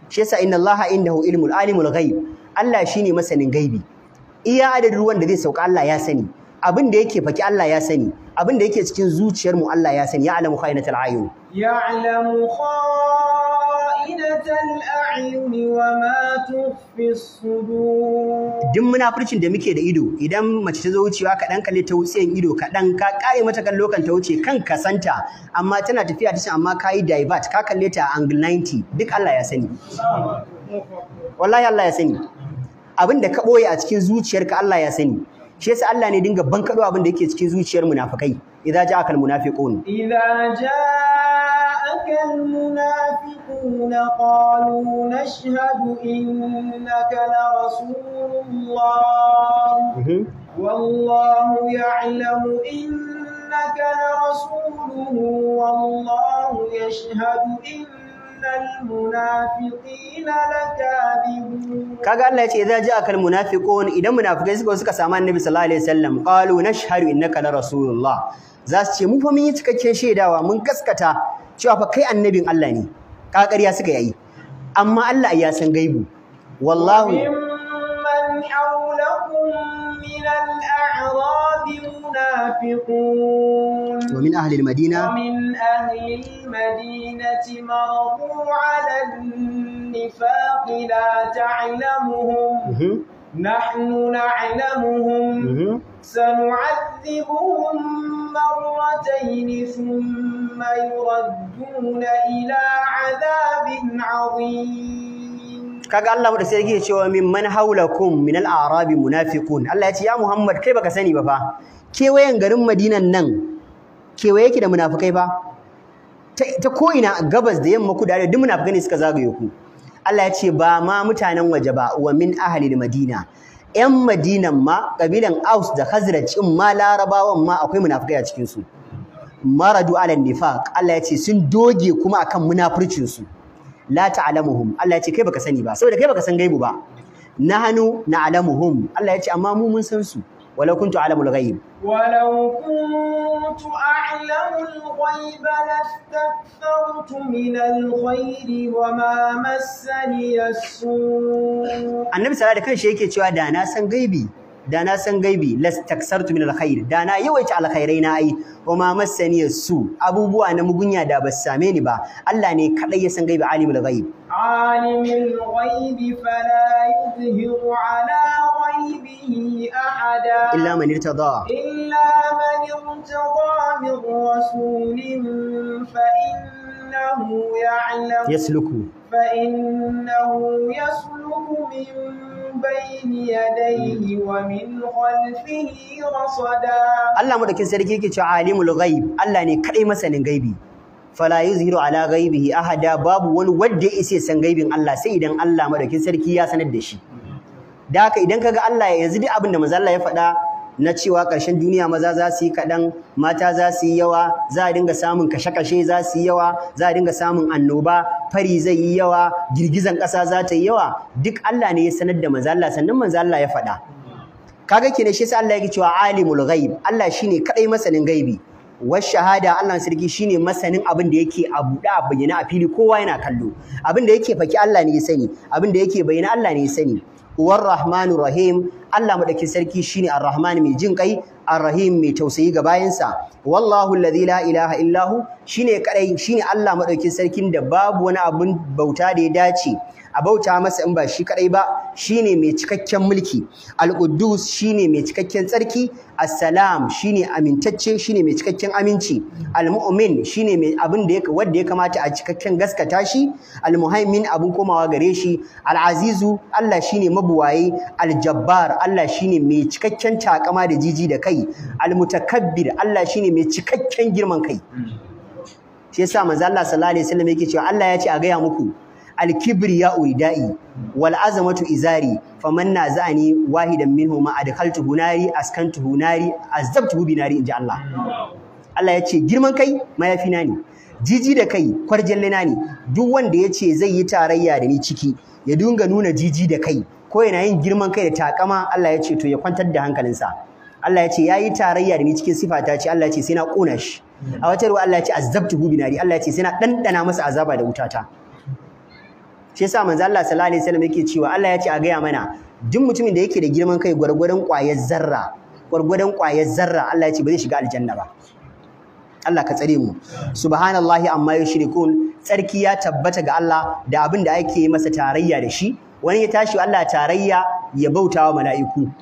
Speaker 2: shi yasa inna Allah indahu ilmul alimul ghaib Allah shine masanin gaibi iya adadin ruwan da zai sauka Allah ya sani abin da yake faki Allah ya sani abin da yake cikin zuciyar mu Allah ya sani ya alamu khainatul ayun
Speaker 1: ya alamu khainatul خائنة الأعين وما
Speaker 2: duk munafurcin da muke da ido idan mace ta zo wucewa kaɗan kalle ta yin ido kaɗan ka ƙare mata kan lokan ta wuce kan ka santa amma tana tafiya ta amma ka yi divert ka kalle ta angle 90 duk Allah ya sani wallahi Allah ya sani abin da ka ɓoye a cikin zuciyarka Allah ya sani shi yasa Allah ne dinga bankaɗo abin da yake cikin zuciyar munafikai idza ja'a kal munafiqun
Speaker 1: idza ja'a ذاك المنافقون قالوا نشهد إنك لرسول الله والله يعلم إنك لرسوله والله يشهد إن kaga
Speaker 2: Allah ya ce idza ja'aka munafiqun idan munafikai suka suka samu annabi sallallahu alaihi wasallam qalu nashhadu innaka la rasulullah za su ce mu fa mun yi cikakken shaidawa mun kaskata cewa fa kai annabin Allah ne ka suka yayi amma Allah ya san gaibu wallahu
Speaker 1: mimman hawlakum min al-a'rab munafiqun wa min ahli al-madina wa min ahli al-madinati maradu 'ala an-nifaq la ta'lamuhum mhm. nahnu na'lamuhum mhm. سنعذبهم مرتين ثم يردون إلى عذاب عظيم
Speaker 2: kaga Allah da sai yake cewa min man haulakum min al-a'rabi munafiqun Allah ya ce ya Muhammad kai ba ka sani ba fa kewayen garin Madinan nan kewaye yake da munafikai ba ta ko'ina gabas da yamma kudu arewa duk munafikai ne suka zagaye ku Allah ya ce ba ma mutanen waje ba wa min ahli madina 'yan madinan ma ƙabilan aus da khazraj in ma larabawan ma akwai munafukai a cikinsu maradu ala nifaq Allah ya ce sun doge kuma akan munafurcinsu la ta'lamuhum Allah ya ce kai baka sani ba saboda kai baka san gaibu ba nahanu na'lamuhum Allah ya ce amma mu mun san su ولو كنت أعلم الغيب
Speaker 1: ولو كنت أعلم الغيب لاستكثرت من الخير وما مسني السوء
Speaker 2: النبي صلى الله عليه وسلم yake cewa da na san gaibi da na san gaibi lastaksartu min alkhair da na yawaita alkhairai na ai wa ma masani su abubuwa na mugunya da ba same ni ba Allah ne kadai ya san gaibi alimul ghaib
Speaker 1: alimul ghaib به أحدا إلا من ارتضى إلا من ارتضى من رسول فإنه يعلم يسلك فإنه يسلك من بين يديه ومن خلفه رصدا
Speaker 2: الله مدكين سركي كي عالم الغيب الله ني كدي مسنين غيبي fala yuzhiru ala ghaibihi ahada babu wani wanda yake san gaibin Allah sai idan Allah madaukin sarki ya sanar da shi da haka idan kaga Allah yanzu duk abin da manzo Allah ya faɗa na cewa ƙarshen duniya maza za su yi kaɗan mata za su yi yawa za a dinga samun kashe-kashe za su yi yawa za a dinga samun annoba fari zai yi yawa girgizan ƙasa za ta yi yawa duk Allah ne ya sanar da manzo Allah sannan manzo Allah ya faɗa kaga kenan shi yasa Allah yake cewa alimul ghaib Allah shine kadai masanin gaibi wa shahada Allah sarki shine masanin abin da yake a buɗe a bayyana a fili kowa yana kallo abin da yake faki Allah ne ya sani abin da yake bayyana Allah ne ya sani huwar rahmanur rahim Allah madaukin sarki shine ar-rahman mai jin kai ar-rahim mai tausayi ga bayansa wallahu alladhi la ilaha illahu hu shine kadai shine Allah madaukin sarkin da babu wani abun bauta da ya dace a bauta masa in ba shi kadai ba shine mai cikakken mulki al-quddus shine mai cikakken tsarki assalam shine amintacce shine mai cikakken aminci al-mu'min shine mai abin da yake wanda ya kamata a cikakken gaskata shi al-muhaimin abin komawa gare shi al-azizu Allah shine mabuwaye al-jabbar Allah shine mai cikakken takama da jiji da kai al-mutakabbir Allah shine mai cikakken girman kai shi yasa manzo Allah sallallahu alaihi wasallam yake cewa Allah ya ce a gaya muku al-kibriya da'i. wal azamatu izari faman naza'ani wahidan minhu ma adkhaltuhu nari askantuhu nari azabtuhu binari inji Allah Allah ya ce girman kai na ne jiji da kai kwarjallina ne duk wanda ya ce zai yi tarayya da ni ciki ya dunga nuna jiji da kai ko yana yin girman kai da takama Allah ya ce to ya kwantar da hankalinsa Allah ya ce ya yi tarayya da ni cikin sifata ce Allah ya ce sai na ƙona shi a wata ruwa Allah ya ce azabtuhu binari Allah ya ce sai na ɗanɗana masa azaba da wuta ta. shi yasa manzo Allah sallallahu alaihi wasallam yake cewa Allah ya ce a gaya mana duk mutumin da yake da girman kai gwargwadon ƙwayar zarra gwargwadon ƙwayar zarra Allah ya ce ba zai shiga aljanna ba Allah ka tsare mu subhanallahi amma yushrikun tsarki ya tabbata ga Allah da abin da ake masa tarayya da shi wani ya tashi Allah tarayya ya bautawa mala'iku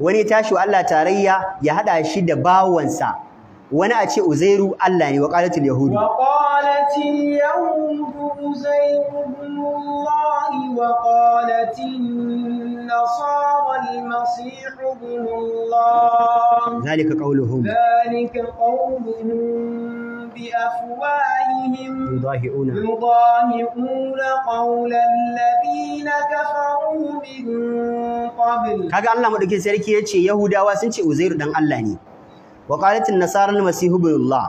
Speaker 2: wani ya tashi Allah tarayya ya hada shi da bawansa wani a ce uzairu Allah ne wa qalatil yahudu wa
Speaker 1: qalatil yahudu uzairu wa qalatin nasara al-masih ibnullah zalika qawluhum zalika qawluhum bi afwahihim yudahi'una yudahi'una qawla alladhina kafaru min
Speaker 2: qabl kaga Allah madaukin sarki yace yahudawa sun ce uzairu dan Allah ne wa qalatin nasara al-masih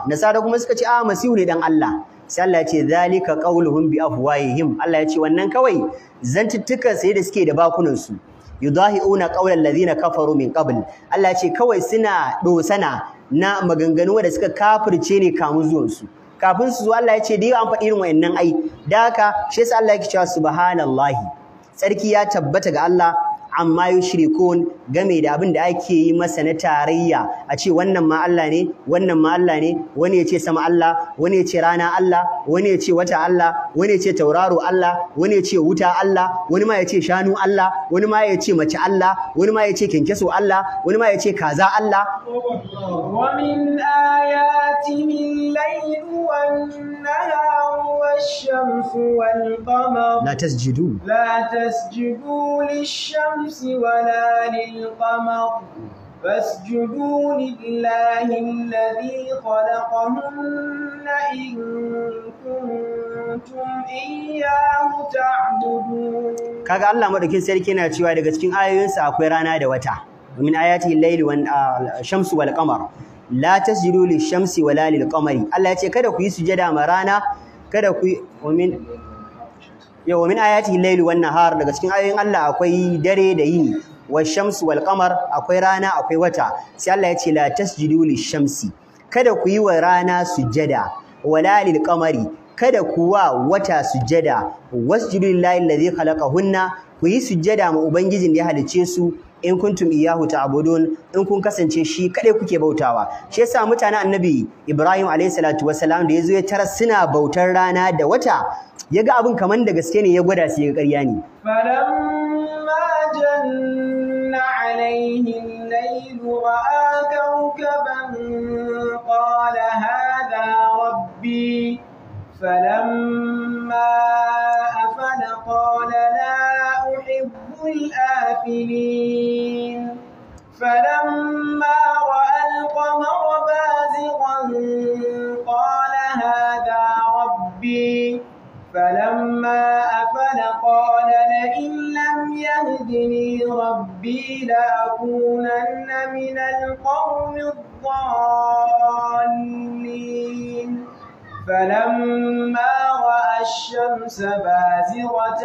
Speaker 2: nasara kuma suka ce a masihu ne dan Allah sai Allah ya ce zalika qauluhum bi afwahihim Allah ya ce wannan kawai zantuttukan sai da suke da bakunan su yudahiuna qawla allazina kafaru min qabl Allah ya ce kawai suna dosana na maganganu da suka kafirce ne kamun zuwan su kafin su zo Allah ya ce da an faɗi irin wayannan ai da haka shi yasa Allah ya cewa subhanallahi Sarki ya tabbata ga Allah amma yushrikun game da abin da ake yi masa na tarayya a ce wannan ma Allah ne wannan ma Allah ne wani ya ce sama Allah wani ya ce rana Allah wani ya ce wata Allah wani ya ce tauraro Allah wani ya ce wuta Allah wani ma ya ce shanu Allah wani ma ya ce mace Allah wani ma ya ce kenkeso Allah wani ma ya ce kaza Allah
Speaker 1: ومن آياته الليل والنهار والشمس والقمر لا تسجدوا لا تسجدوا للشمس ولا لل القمر فاسجدوا لله الذي خلقهن إن
Speaker 2: Allah madaukin sarki yana cewa daga cikin ayoyinsa akwai rana da wata min ayati al-layli wan ah, shamsu wal qamar la tasjudu lish-shamsi wala lil-qamari Allah yace kada ku yi sujada ma rana kada ku min yawa min layli daga cikin ayoyin Allah akwai dare da yini wa shamsu wal akwai rana akwai wata sai Allah ya ce la tasjudu lishamsi kada ku yi wa rana sujada wala lil qamari kada ku wa wata sujada wasjudu lillahi allazi khalaqahunna ku yi sujada ma ubangijin da ya halice su in kuntum iyahu ta'budun in kun kasance shi Kaɗai kuke bautawa shi yasa mutanen annabi Ibrahim alayhi salatu wassalam da yazo ya tara suna bautar rana da wata ya ga abin kamar da gaske ne ya gwada sai ya ƙarya ne
Speaker 1: falamma janna alaihi al-layl ra'a kawkaban qala hadha rabbi falamma afala qala la uhibbu al-afilin فلما رأى القمر بازغا قال هذا ربي فلما أفل قال لئن لم يهدني ربي لأكونن من القوم الضالين فلما رأى الشمس بازغة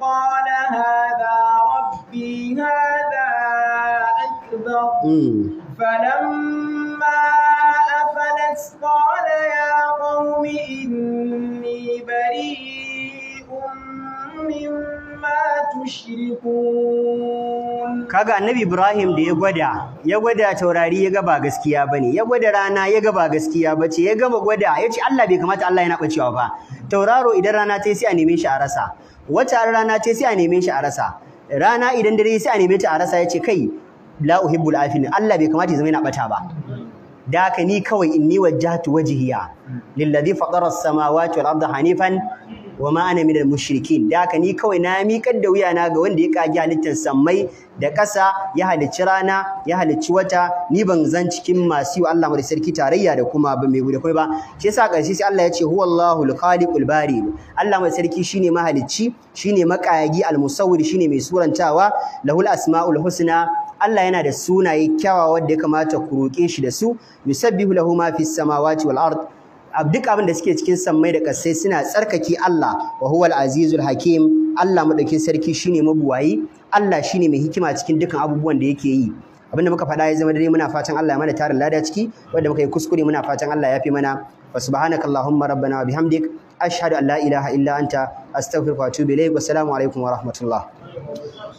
Speaker 1: قال هذا ربي هذا أكبر فلما إذ قال يا قوم إني بريء مما تشركون
Speaker 2: kaga annabi Ibrahim da ya gwada ya gwada taurari ya ga gaskiya bane ya gwada rana ya ga gaskiya bace ya gama gwada yace Allah bai kamata Allah yana bacewa ba tauraro idan rana ta sai a neme shi a rasa wata rana ta sai a neme a rasa rana idan dare sai a neme ta a rasa yace kai la uhibbul afilin Allah bai kamata ya zama yana bata ba da haka ni kawai inni wajjahtu wajhiya hmm. lilladhi fatara as-samawati wal arda hanifan wa ma ana minal mushrikin da haka ni kawai na miƙar da wuyana ga wanda ya kage halittar sammai da ƙasa ya halicci rana ya halicci wata ni ban zan cikin masu yi Allah mai sarki tarayya da kuma ban mai da kuma ba shi yasa ƙarshe sai Allah ya ce huwallahu al-khaliqul bari Allah mai sarki shine mahalicci shine makayagi al-musawwir shine mai surantawa lahul asmaul husna Allah yana da sunaye kyawawa wadda ya kamata ku roƙe shi da su yusabbihu lahu ma fis samawati wal ard duk abin da suke cikin sammai da kasai suna tsarkaki Allah wa huwal azizul hakim Allah madaukin sarki shine mabuwayi Allah shine mai hikima cikin dukan abubuwan da yake yi abinda muka faɗa ya zama dare muna fatan Allah ya mana tarin lada ciki wanda muka yi kuskure muna fatan Allah ya fi mana wa subhanaka allahumma rabbana wa bihamdik ashhadu an la ilaha illa anta astaghfiruka wa atubu ilayk wa assalamu alaikum wa rahmatullah